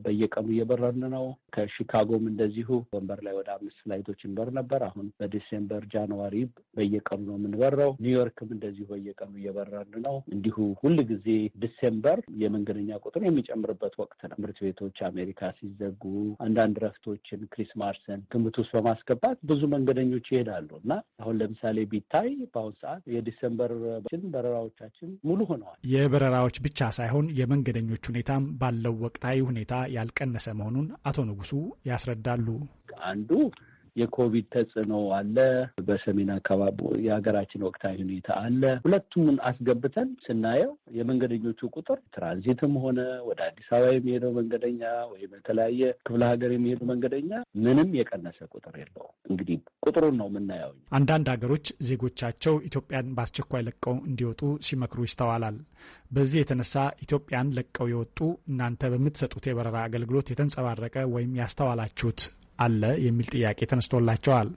በየቀኑ እየበረርን ነው። ከሺካጎም እንደዚሁ ወንበር ላይ ወደ አምስት ፍላይቶች ዲሴምበር ነበር። አሁን በዲሴምበር ጃንዋሪ በየቀኑ ነው የምንበረው። ኒውዮርክም እንደዚሁ በየቀኑ እየበረን ነው። እንዲሁ ሁል ጊዜ ዲሴምበር የመንገደኛ ቁጥር የሚጨምርበት ወቅት ነው። ትምህርት ቤቶች አሜሪካ ሲዘጉ አንዳንድ ረፍቶችን ክሪስማስን ግምት ውስጥ በማስገባት ብዙ መንገደኞች ይሄዳሉ እና አሁን ለምሳሌ ቢታይ በአሁን ሰዓት የዲሴምበር በረራዎቻችን ሙሉ ሆነዋል። የበረራዎች ብቻ ሳይሆን የመንገደኞች ሁኔታም ባለው ወቅታዊ ሁኔታ ያልቀነሰ መሆኑን አቶ ንጉሱ ያስረዳሉ። አንዱ የኮቪድ ተጽዕኖ አለ፣ በሰሜን አካባቢ የሀገራችን ወቅታዊ ሁኔታ አለ። ሁለቱምን አስገብተን ስናየው የመንገደኞቹ ቁጥር ትራንዚትም ሆነ ወደ አዲስ አበባ የሚሄደው መንገደኛ ወይም በተለያየ ክፍለ ሀገር የሚሄደው መንገደኛ ምንም የቀነሰ ቁጥር የለውም። እንግዲህ ቁጥሩን ነው የምናየው። አንዳንድ ሀገሮች ዜጎቻቸው ኢትዮጵያን በአስቸኳይ ለቀው እንዲወጡ ሲመክሩ ይስተዋላል። በዚህ የተነሳ ኢትዮጵያን ለቀው የወጡ እናንተ በምትሰጡት የበረራ አገልግሎት የተንጸባረቀ ወይም ያስተዋላችሁት አለ የሚል ጥያቄ ተነስቶላቸዋል።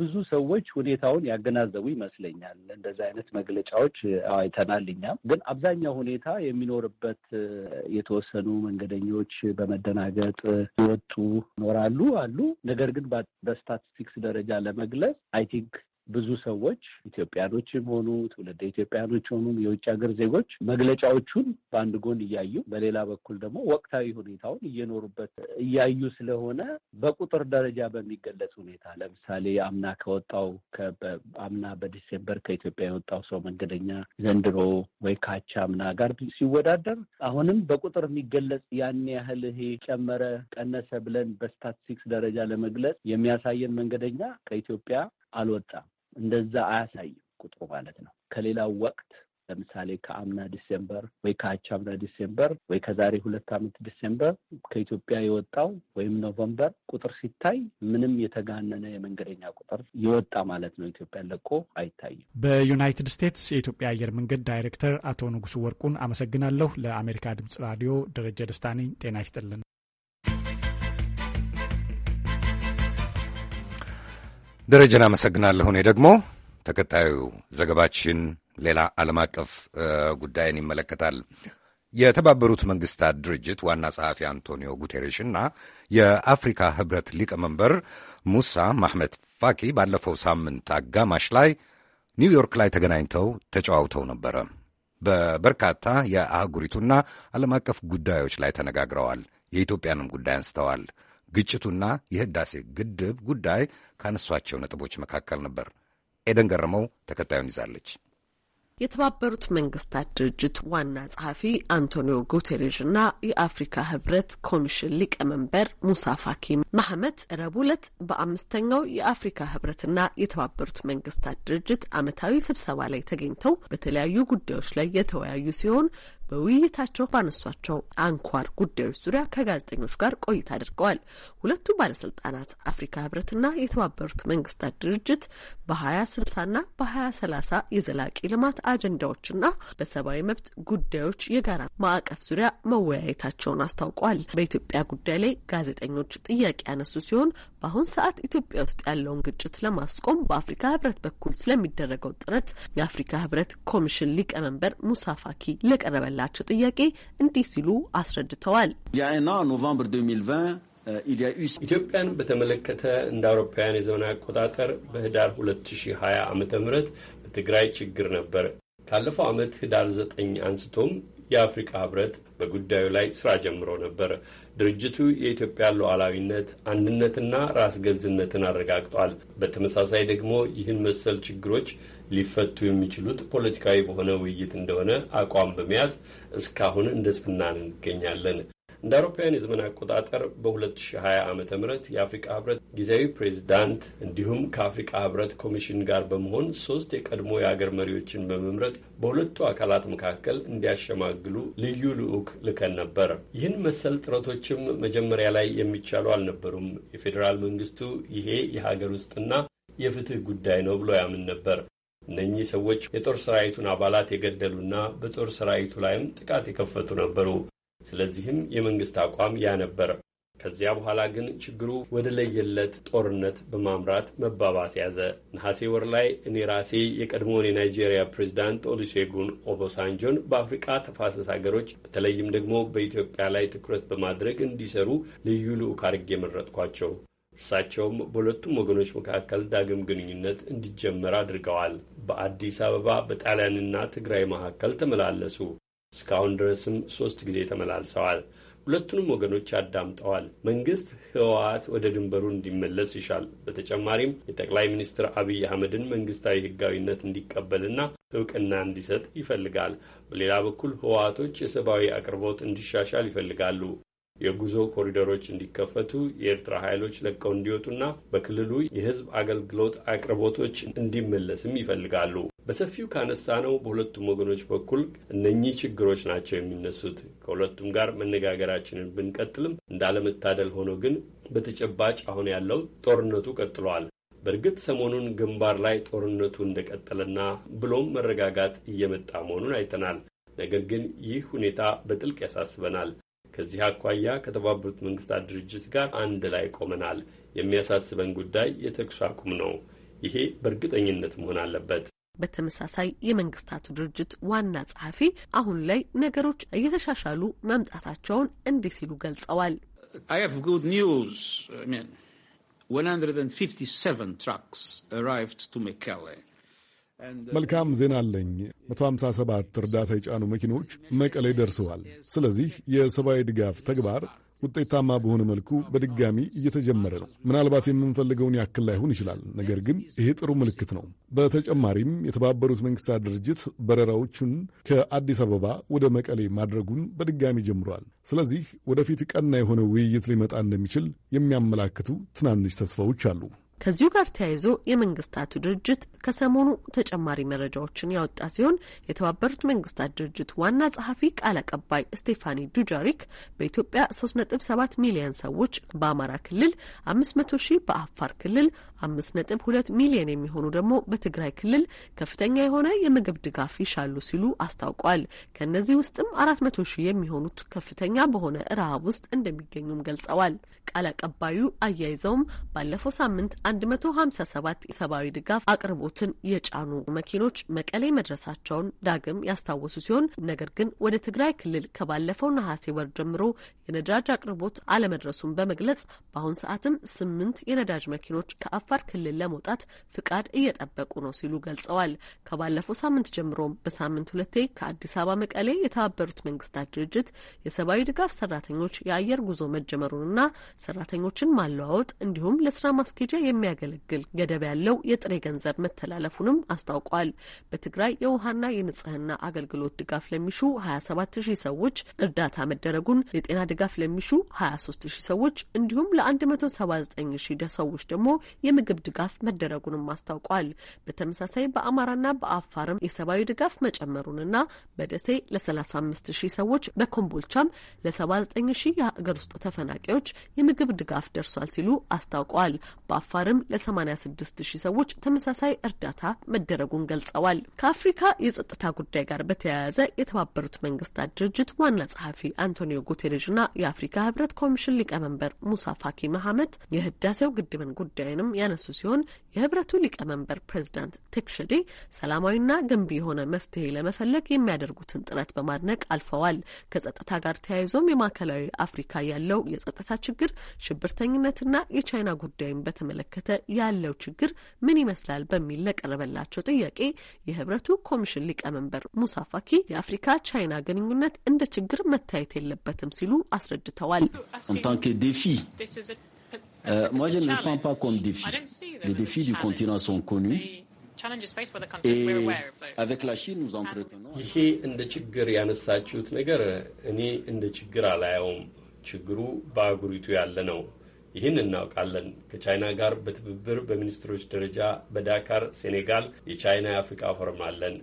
ብዙ ሰዎች ሁኔታውን ያገናዘቡ ይመስለኛል። እንደዚህ አይነት መግለጫዎች አይተናል። እኛም ግን አብዛኛው ሁኔታ የሚኖርበት የተወሰኑ መንገደኞች በመደናገጥ ይወጡ ይኖራሉ አሉ። ነገር ግን በስታቲስቲክስ ደረጃ ለመግለጽ አይ ቲንክ ብዙ ሰዎች ኢትዮጵያኖችም ሆኑ ትውልደ ኢትዮጵያኖች ሆኑ የውጭ ሀገር ዜጎች መግለጫዎቹን በአንድ ጎን እያዩ፣ በሌላ በኩል ደግሞ ወቅታዊ ሁኔታውን እየኖሩበት እያዩ ስለሆነ በቁጥር ደረጃ በሚገለጽ ሁኔታ ለምሳሌ አምና ከወጣው አምና በዲሴምበር ከኢትዮጵያ የወጣው ሰው መንገደኛ ዘንድሮ ወይ ካቻ አምና ጋር ሲወዳደር አሁንም በቁጥር የሚገለጽ ያን ያህል ይሄ ጨመረ ቀነሰ ብለን በስታቲስቲክስ ደረጃ ለመግለጽ የሚያሳየን መንገደኛ ከኢትዮጵያ አልወጣም። እንደዛ አያሳይም ቁጥሩ ማለት ነው። ከሌላው ወቅት ለምሳሌ ከአምና ዲሴምበር ወይ ከአቻምና ዲሴምበር ወይ ከዛሬ ሁለት ዓመት ዲሴምበር ከኢትዮጵያ የወጣው ወይም ኖቨምበር ቁጥር ሲታይ ምንም የተጋነነ የመንገደኛ ቁጥር የወጣ ማለት ነው ኢትዮጵያ ለቆ አይታይም። በዩናይትድ ስቴትስ የኢትዮጵያ አየር መንገድ ዳይሬክተር አቶ ንጉሱ ወርቁን አመሰግናለሁ። ለአሜሪካ ድምጽ ራዲዮ ደረጀ ደስታ ነኝ። ጤና ይስጥልን። ደረጀን አመሰግናለሁ። እኔ ደግሞ ተከታዩ ዘገባችን ሌላ ዓለም አቀፍ ጉዳይን ይመለከታል። የተባበሩት መንግስታት ድርጅት ዋና ጸሐፊ አንቶኒዮ እና የአፍሪካ ህብረት ሊቀመንበር ሙሳ ማህመድ ፋኪ ባለፈው ሳምንት አጋማሽ ላይ ኒውዮርክ ላይ ተገናኝተው ተጨዋውተው ነበረ። በበርካታ የአህጉሪቱና ዓለም አቀፍ ጉዳዮች ላይ ተነጋግረዋል። የኢትዮጵያንም ጉዳይ አንስተዋል። ግጭቱና የህዳሴ ግድብ ጉዳይ ካነሷቸው ነጥቦች መካከል ነበር። ኤደን ገረመው ተከታዩን ይዛለች። የተባበሩት መንግስታት ድርጅት ዋና ጸሐፊ አንቶኒዮ ጉቴሬዥ እና የአፍሪካ ህብረት ኮሚሽን ሊቀመንበር ሙሳ ፋኪ ማህመት ረቡዕ ዕለት በአምስተኛው የአፍሪካ ህብረትና የተባበሩት መንግስታት ድርጅት ዓመታዊ ስብሰባ ላይ ተገኝተው በተለያዩ ጉዳዮች ላይ የተወያዩ ሲሆን በውይይታቸው ባነሷቸው አንኳር ጉዳዮች ዙሪያ ከጋዜጠኞች ጋር ቆይታ አድርገዋል። ሁለቱ ባለስልጣናት አፍሪካ ህብረትና የተባበሩት መንግስታት ድርጅት በሀያ ስልሳና በሀያ ሰላሳ የዘላቂ ልማት አጀንዳዎችና በሰብአዊ መብት ጉዳዮች የጋራ ማዕቀፍ ዙሪያ መወያየታቸውን አስታውቋል። በኢትዮጵያ ጉዳይ ላይ ጋዜጠኞች ጥያቄ ያነሱ ሲሆን በአሁን ሰዓት ኢትዮጵያ ውስጥ ያለውን ግጭት ለማስቆም በአፍሪካ ህብረት በኩል ስለሚደረገው ጥረት የአፍሪካ ህብረት ኮሚሽን ሊቀመንበር ሙሳ ፋኪ ላላቸው ጥያቄ እንዲህ ሲሉ አስረድተዋል። ኢትዮጵያን በተመለከተ እንደ አውሮፓውያን የዘመን አቆጣጠር በህዳር 2020 ዓ ም በትግራይ ችግር ነበር። ካለፈው ዓመት ህዳር 9 አንስቶም የአፍሪካ ህብረት በጉዳዩ ላይ ስራ ጀምሮ ነበር። ድርጅቱ የኢትዮጵያ ሉዓላዊነት አንድነትና ራስ ገዝነትን አረጋግጧል። በተመሳሳይ ደግሞ ይህን መሰል ችግሮች ሊፈቱ የሚችሉት ፖለቲካዊ በሆነ ውይይት እንደሆነ አቋም በመያዝ እስካሁን እንደጽናን እንገኛለን። እንደ አውሮፓውያን የዘመን አቆጣጠር በ2020 ዓ ም የአፍሪቃ ህብረት ጊዜያዊ ፕሬዚዳንት እንዲሁም ከአፍሪቃ ህብረት ኮሚሽን ጋር በመሆን ሶስት የቀድሞ የአገር መሪዎችን በመምረጥ በሁለቱ አካላት መካከል እንዲያሸማግሉ ልዩ ልዑክ ልከን ነበር። ይህን መሰል ጥረቶችም መጀመሪያ ላይ የሚቻሉ አልነበሩም። የፌዴራል መንግስቱ ይሄ የሀገር ውስጥና የፍትህ ጉዳይ ነው ብሎ ያምን ነበር። እነኚህ ሰዎች የጦር ሰራዊቱን አባላት የገደሉና በጦር ሰራዊቱ ላይም ጥቃት የከፈቱ ነበሩ። ስለዚህም የመንግስት አቋም ያ ነበር። ከዚያ በኋላ ግን ችግሩ ወደ ለየለት ጦርነት በማምራት መባባስ ያዘ። ነሐሴ ወር ላይ እኔ ራሴ የቀድሞውን የናይጄሪያ ፕሬዚዳንት ኦሉሴጉን ኦቦሳንጆን በአፍሪቃ ተፋሰስ ሀገሮች በተለይም ደግሞ በኢትዮጵያ ላይ ትኩረት በማድረግ እንዲሰሩ ልዩ ልዑክ አድርጌ መረጥኳቸው። እሳቸውም በሁለቱም ወገኖች መካከል ዳግም ግንኙነት እንዲጀመር አድርገዋል። በአዲስ አበባ በጣሊያንና ትግራይ መካከል ተመላለሱ። እስካሁን ድረስም ሶስት ጊዜ ተመላልሰዋል። ሁለቱንም ወገኖች አዳምጠዋል። መንግስት ህወሓት ወደ ድንበሩ እንዲመለስ ይሻል። በተጨማሪም የጠቅላይ ሚኒስትር አብይ አህመድን መንግስታዊ ህጋዊነት እንዲቀበልና እውቅና እንዲሰጥ ይፈልጋል። በሌላ በኩል ህወሓቶች የሰብአዊ አቅርቦት እንዲሻሻል ይፈልጋሉ። የጉዞ ኮሪደሮች እንዲከፈቱ የኤርትራ ኃይሎች ለቀው እንዲወጡና በክልሉ የሕዝብ አገልግሎት አቅርቦቶች እንዲመለስም ይፈልጋሉ። በሰፊው ካነሳ ነው በሁለቱም ወገኖች በኩል እነኚህ ችግሮች ናቸው የሚነሱት። ከሁለቱም ጋር መነጋገራችንን ብንቀጥልም እንዳለመታደል ሆኖ ግን በተጨባጭ አሁን ያለው ጦርነቱ ቀጥሏል። በእርግጥ ሰሞኑን ግንባር ላይ ጦርነቱ እንደቀጠለና ብሎም መረጋጋት እየመጣ መሆኑን አይተናል። ነገር ግን ይህ ሁኔታ በጥልቅ ያሳስበናል። ከዚህ አኳያ ከተባበሩት መንግስታት ድርጅት ጋር አንድ ላይ ቆመናል። የሚያሳስበን ጉዳይ የተኩስ አቁም ነው። ይሄ በእርግጠኝነት መሆን አለበት። በተመሳሳይ የመንግስታቱ ድርጅት ዋና ጸሐፊ አሁን ላይ ነገሮች እየተሻሻሉ መምጣታቸውን እንዲህ ሲሉ ገልጸዋል። I መልካም ዜና አለኝ። 157 እርዳታ የጫኑ መኪኖች መቀሌ ደርሰዋል። ስለዚህ የሰብአዊ ድጋፍ ተግባር ውጤታማ በሆነ መልኩ በድጋሚ እየተጀመረ ነው። ምናልባት የምንፈልገውን ያክል ላይሆን ይችላል፣ ነገር ግን ይሄ ጥሩ ምልክት ነው። በተጨማሪም የተባበሩት መንግስታት ድርጅት በረራዎቹን ከአዲስ አበባ ወደ መቀሌ ማድረጉን በድጋሚ ጀምሯል። ስለዚህ ወደፊት ቀና የሆነ ውይይት ሊመጣ እንደሚችል የሚያመላክቱ ትናንሽ ተስፋዎች አሉ። ከዚሁ ጋር ተያይዞ የመንግስታቱ ድርጅት ከሰሞኑ ተጨማሪ መረጃዎችን ያወጣ ሲሆን የተባበሩት መንግስታት ድርጅት ዋና ጸሐፊ ቃል አቀባይ ስቴፋኒ ዱጃሪክ በኢትዮጵያ 3.7 ሚሊዮን ሰዎች፣ በአማራ ክልል 500 ሺህ፣ በአፋር ክልል አምስት ነጥብ ሁለት ሚሊዮን የሚሆኑ ደግሞ በትግራይ ክልል ከፍተኛ የሆነ የምግብ ድጋፍ ይሻሉ ሲሉ አስታውቋል። ከእነዚህ ውስጥም አራት መቶ ሺህ የሚሆኑት ከፍተኛ በሆነ ረሃብ ውስጥ እንደሚገኙም ገልጸዋል። ቃል አቀባዩ አያይዘውም ባለፈው ሳምንት አንድ መቶ ሀምሳ ሰባት የሰብአዊ ድጋፍ አቅርቦትን የጫኑ መኪኖች መቀሌ መድረሳቸውን ዳግም ያስታወሱ ሲሆን ነገር ግን ወደ ትግራይ ክልል ከባለፈው ነሐሴ ወር ጀምሮ የነዳጅ አቅርቦት አለመድረሱን በመግለጽ በአሁን ሰዓትም ስምንት የነዳጅ መኪኖች ከአፍ ከአፋር ክልል ለመውጣት ፍቃድ እየጠበቁ ነው ሲሉ ገልጸዋል። ከባለፈው ሳምንት ጀምሮ በሳምንት ሁለቴ ከአዲስ አበባ መቀሌ የተባበሩት መንግስታት ድርጅት የሰብአዊ ድጋፍ ሰራተኞች የአየር ጉዞ መጀመሩንና ሰራተኞችን ማለዋወጥ እንዲሁም ለስራ ማስኬጃ የሚያገለግል ገደብ ያለው የጥሬ ገንዘብ መተላለፉንም አስታውቋል። በትግራይ የውሃና የንጽህና አገልግሎት ድጋፍ ለሚሹ 27 ሺህ ሰዎች እርዳታ መደረጉን የጤና ድጋፍ ለሚሹ 23 ሺህ ሰዎች እንዲሁም ለ179 ሺህ ሰዎች ደግሞ የምግብ ድጋፍ መደረጉንም አስታውቋል። በተመሳሳይ በአማራና በአፋርም የሰብአዊ ድጋፍ መጨመሩንና በደሴ ለ35 ሺህ ሰዎች በኮምቦልቻም ለ79 ሺህ የሀገር ውስጥ ተፈናቃዮች የምግብ ድጋፍ ደርሷል ሲሉ አስታውቀዋል። በአፋርም ለ86 ሺህ ሰዎች ተመሳሳይ እርዳታ መደረጉን ገልጸዋል። ከአፍሪካ የጸጥታ ጉዳይ ጋር በተያያዘ የተባበሩት መንግስታት ድርጅት ዋና ጸሐፊ አንቶኒዮ ጉቴሬዥና የአፍሪካ ህብረት ኮሚሽን ሊቀመንበር ሙሳ ፋኪ መሐመት የህዳሴው ግድብን ጉዳይንም ያነሱ ሲሆን የህብረቱ ሊቀመንበር ፕሬዚዳንት ቴክሸዴ ሰላማዊና ገንቢ የሆነ መፍትሄ ለመፈለግ የሚያደርጉትን ጥረት በማድነቅ አልፈዋል። ከጸጥታ ጋር ተያይዞም የማዕከላዊ አፍሪካ ያለው የጸጥታ ችግር፣ ሽብርተኝነትና የቻይና ጉዳይን በተመለከተ ያለው ችግር ምን ይመስላል በሚል ለቀረበላቸው ጥያቄ የህብረቱ ኮሚሽን ሊቀመንበር ሙሳ ፋኪ የአፍሪካ ቻይና ግንኙነት እንደ ችግር መታየት የለበትም ሲሉ አስረድተዋል። Euh, moi, je ne le prends pas comme défi. Les défis du continent sont connus. Et avec la Chine, nous entretenons. ይሄ እንደ ችግር ያነሳችሁት ነገር እኔ እንደ ችግር ችግሩ በአህጉሪቱ ያለ ነው። ይህን እናውቃለን። ከቻይና ጋር በትብብር በሚኒስትሮች ደረጃ በዳካር ሴኔጋል የቻይና የአፍሪካ ፎረም አለን።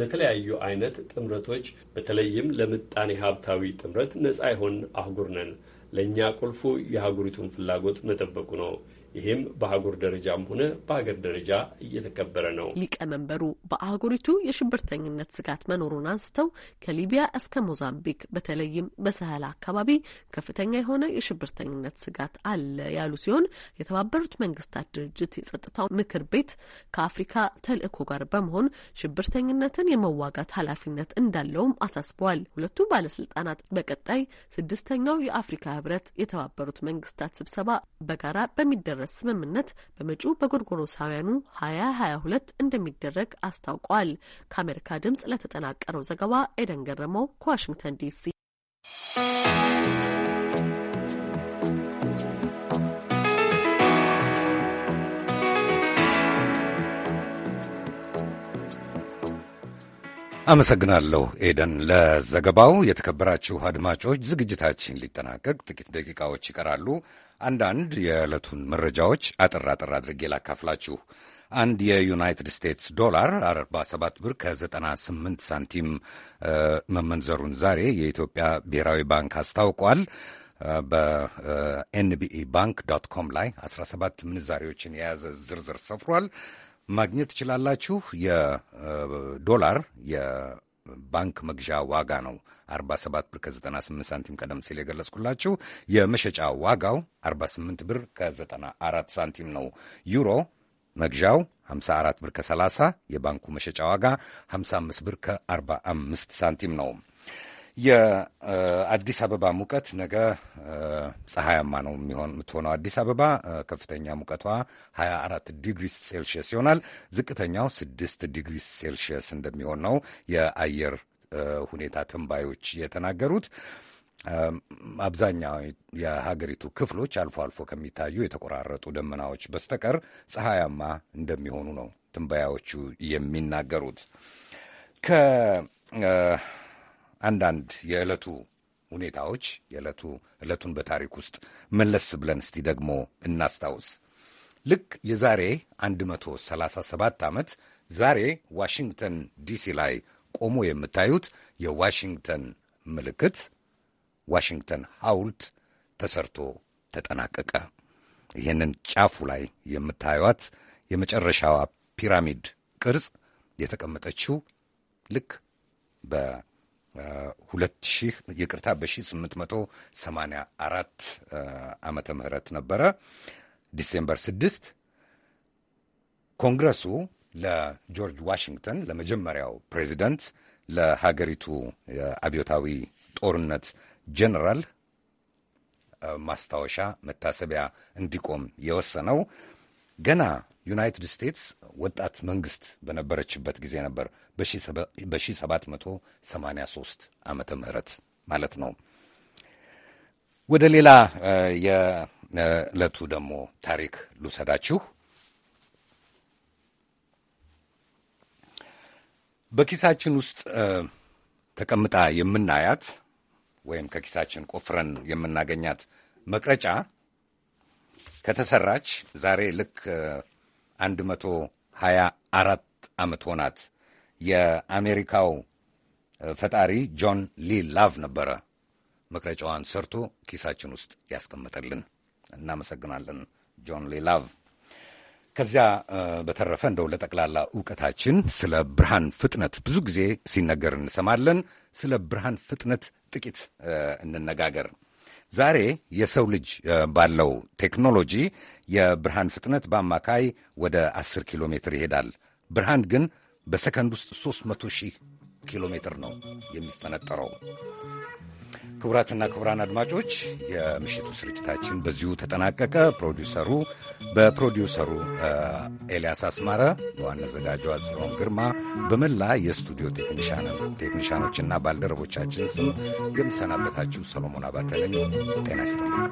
ለተለያዩ አይነት ጥምረቶች በተለይም ለምጣኔ ሀብታዊ ጥምረት ነጻ ይሆን አህጉር ነን። ለእኛ ቁልፉ የሀገሪቱን ፍላጎት መጠበቁ ነው። ይህም በአህጉር ደረጃም ሆነ በአገር ደረጃ እየተከበረ ነው። ሊቀመንበሩ በአህጉሪቱ የሽብርተኝነት ስጋት መኖሩን አንስተው ከሊቢያ እስከ ሞዛምቢክ በተለይም በሰህል አካባቢ ከፍተኛ የሆነ የሽብርተኝነት ስጋት አለ ያሉ ሲሆን የተባበሩት መንግስታት ድርጅት የጸጥታው ምክር ቤት ከአፍሪካ ተልዕኮ ጋር በመሆን ሽብርተኝነትን የመዋጋት ኃላፊነት እንዳለውም አሳስበዋል። ሁለቱ ባለስልጣናት በቀጣይ ስድስተኛው የአፍሪካ ህብረት የተባበሩት መንግስታት ስብሰባ በጋራ በሚደረ የመድረስ ስምምነት በመጪው በጎርጎሮሳውያኑ 2022 እንደሚደረግ አስታውቋል። ከአሜሪካ ድምጽ ለተጠናቀረው ዘገባ ኤደን ገረመው ከዋሽንግተን ዲሲ አመሰግናለሁ ኤደን ለዘገባው። የተከበራችሁ አድማጮች ዝግጅታችን ሊጠናቀቅ ጥቂት ደቂቃዎች ይቀራሉ። አንዳንድ የዕለቱን መረጃዎች አጠር አጠር አድርጌ ላካፍላችሁ። አንድ የዩናይትድ ስቴትስ ዶላር 47 ብር ከ98 ሳንቲም መመንዘሩን ዛሬ የኢትዮጵያ ብሔራዊ ባንክ አስታውቋል። በኤንቢኢ ባንክ ዶት ኮም ላይ 17 ምንዛሬዎችን የያዘ ዝርዝር ሰፍሯል። ማግኘት ትችላላችሁ። የዶላር የባንክ መግዣ ዋጋ ነው 47 ብር ከ98 ሳንቲም ቀደም ሲል የገለጽኩላችሁ። የመሸጫ ዋጋው 48 ብር ከ94 ሳንቲም ነው። ዩሮ መግዣው 54 ብር ከ30፣ የባንኩ መሸጫ ዋጋ 55 ብር ከ45 ሳንቲም ነው። የአዲስ አበባ ሙቀት ነገ ፀሐያማ ነው የሚሆን የምትሆነው አዲስ አበባ ከፍተኛ ሙቀቷ 24 ዲግሪ ሴልሽየስ ይሆናል። ዝቅተኛው 6 ዲግሪ ሴልሽየስ እንደሚሆን ነው የአየር ሁኔታ ትንባዮች የተናገሩት። አብዛኛው የሀገሪቱ ክፍሎች አልፎ አልፎ ከሚታዩ የተቆራረጡ ደመናዎች በስተቀር ፀሐያማ እንደሚሆኑ ነው ትንበያዎቹ የሚናገሩት። አንዳንድ የዕለቱ ሁኔታዎች የዕለቱ ዕለቱን በታሪክ ውስጥ መለስ ብለን እስቲ ደግሞ እናስታውስ። ልክ የዛሬ 137 ዓመት ዛሬ ዋሽንግተን ዲሲ ላይ ቆሞ የምታዩት የዋሽንግተን ምልክት ዋሽንግተን ሐውልት ተሰርቶ ተጠናቀቀ። ይህንን ጫፉ ላይ የምታዩት የመጨረሻዋ ፒራሚድ ቅርጽ የተቀመጠችው ልክ ሁለት ሺህ ይቅርታ በ1884 ዓመተ ምህረት ነበረ ዲሴምበር 6 ኮንግረሱ ለጆርጅ ዋሽንግተን ለመጀመሪያው ፕሬዚደንት ለሀገሪቱ አብዮታዊ ጦርነት ጀነራል ማስታወሻ መታሰቢያ እንዲቆም የወሰነው ገና ዩናይትድ ስቴትስ ወጣት መንግስት በነበረችበት ጊዜ ነበር በ1783 ዓመተ ምህረት ማለት ነው። ወደ ሌላ የዕለቱ ደግሞ ታሪክ ልውሰዳችሁ። በኪሳችን ውስጥ ተቀምጣ የምናያት ወይም ከኪሳችን ቆፍረን የምናገኛት መቅረጫ ከተሰራች ዛሬ ልክ 124 ዓመት ሆናት። የአሜሪካው ፈጣሪ ጆን ሊ ላቭ ነበረ መቅረጫዋን ሰርቶ ኪሳችን ውስጥ ያስቀመጠልን። እናመሰግናለን ጆን ሊ ላቭ። ከዚያ በተረፈ እንደው ለጠቅላላ እውቀታችን ስለ ብርሃን ፍጥነት ብዙ ጊዜ ሲነገር እንሰማለን። ስለ ብርሃን ፍጥነት ጥቂት እንነጋገር። ዛሬ የሰው ልጅ ባለው ቴክኖሎጂ የብርሃን ፍጥነት በአማካይ ወደ 10 ኪሎ ሜትር ይሄዳል። ብርሃን ግን በሰከንድ ውስጥ 300 ሺህ ኪሎ ሜትር ነው የሚፈነጠረው። ክቡራትና ክቡራን አድማጮች የምሽቱ ስርጭታችን በዚሁ ተጠናቀቀ። ፕሮዲውሰሩ በፕሮዲውሰሩ ኤልያስ አስማረ፣ በዋና አዘጋጇ ጽዮን ግርማ፣ በመላ የስቱዲዮ ቴክኒሻኖችና ባልደረቦቻችን ስም የምሰናበታችሁ ሰሎሞን አባተ ነኝ። ጤና ይስጥልኝ።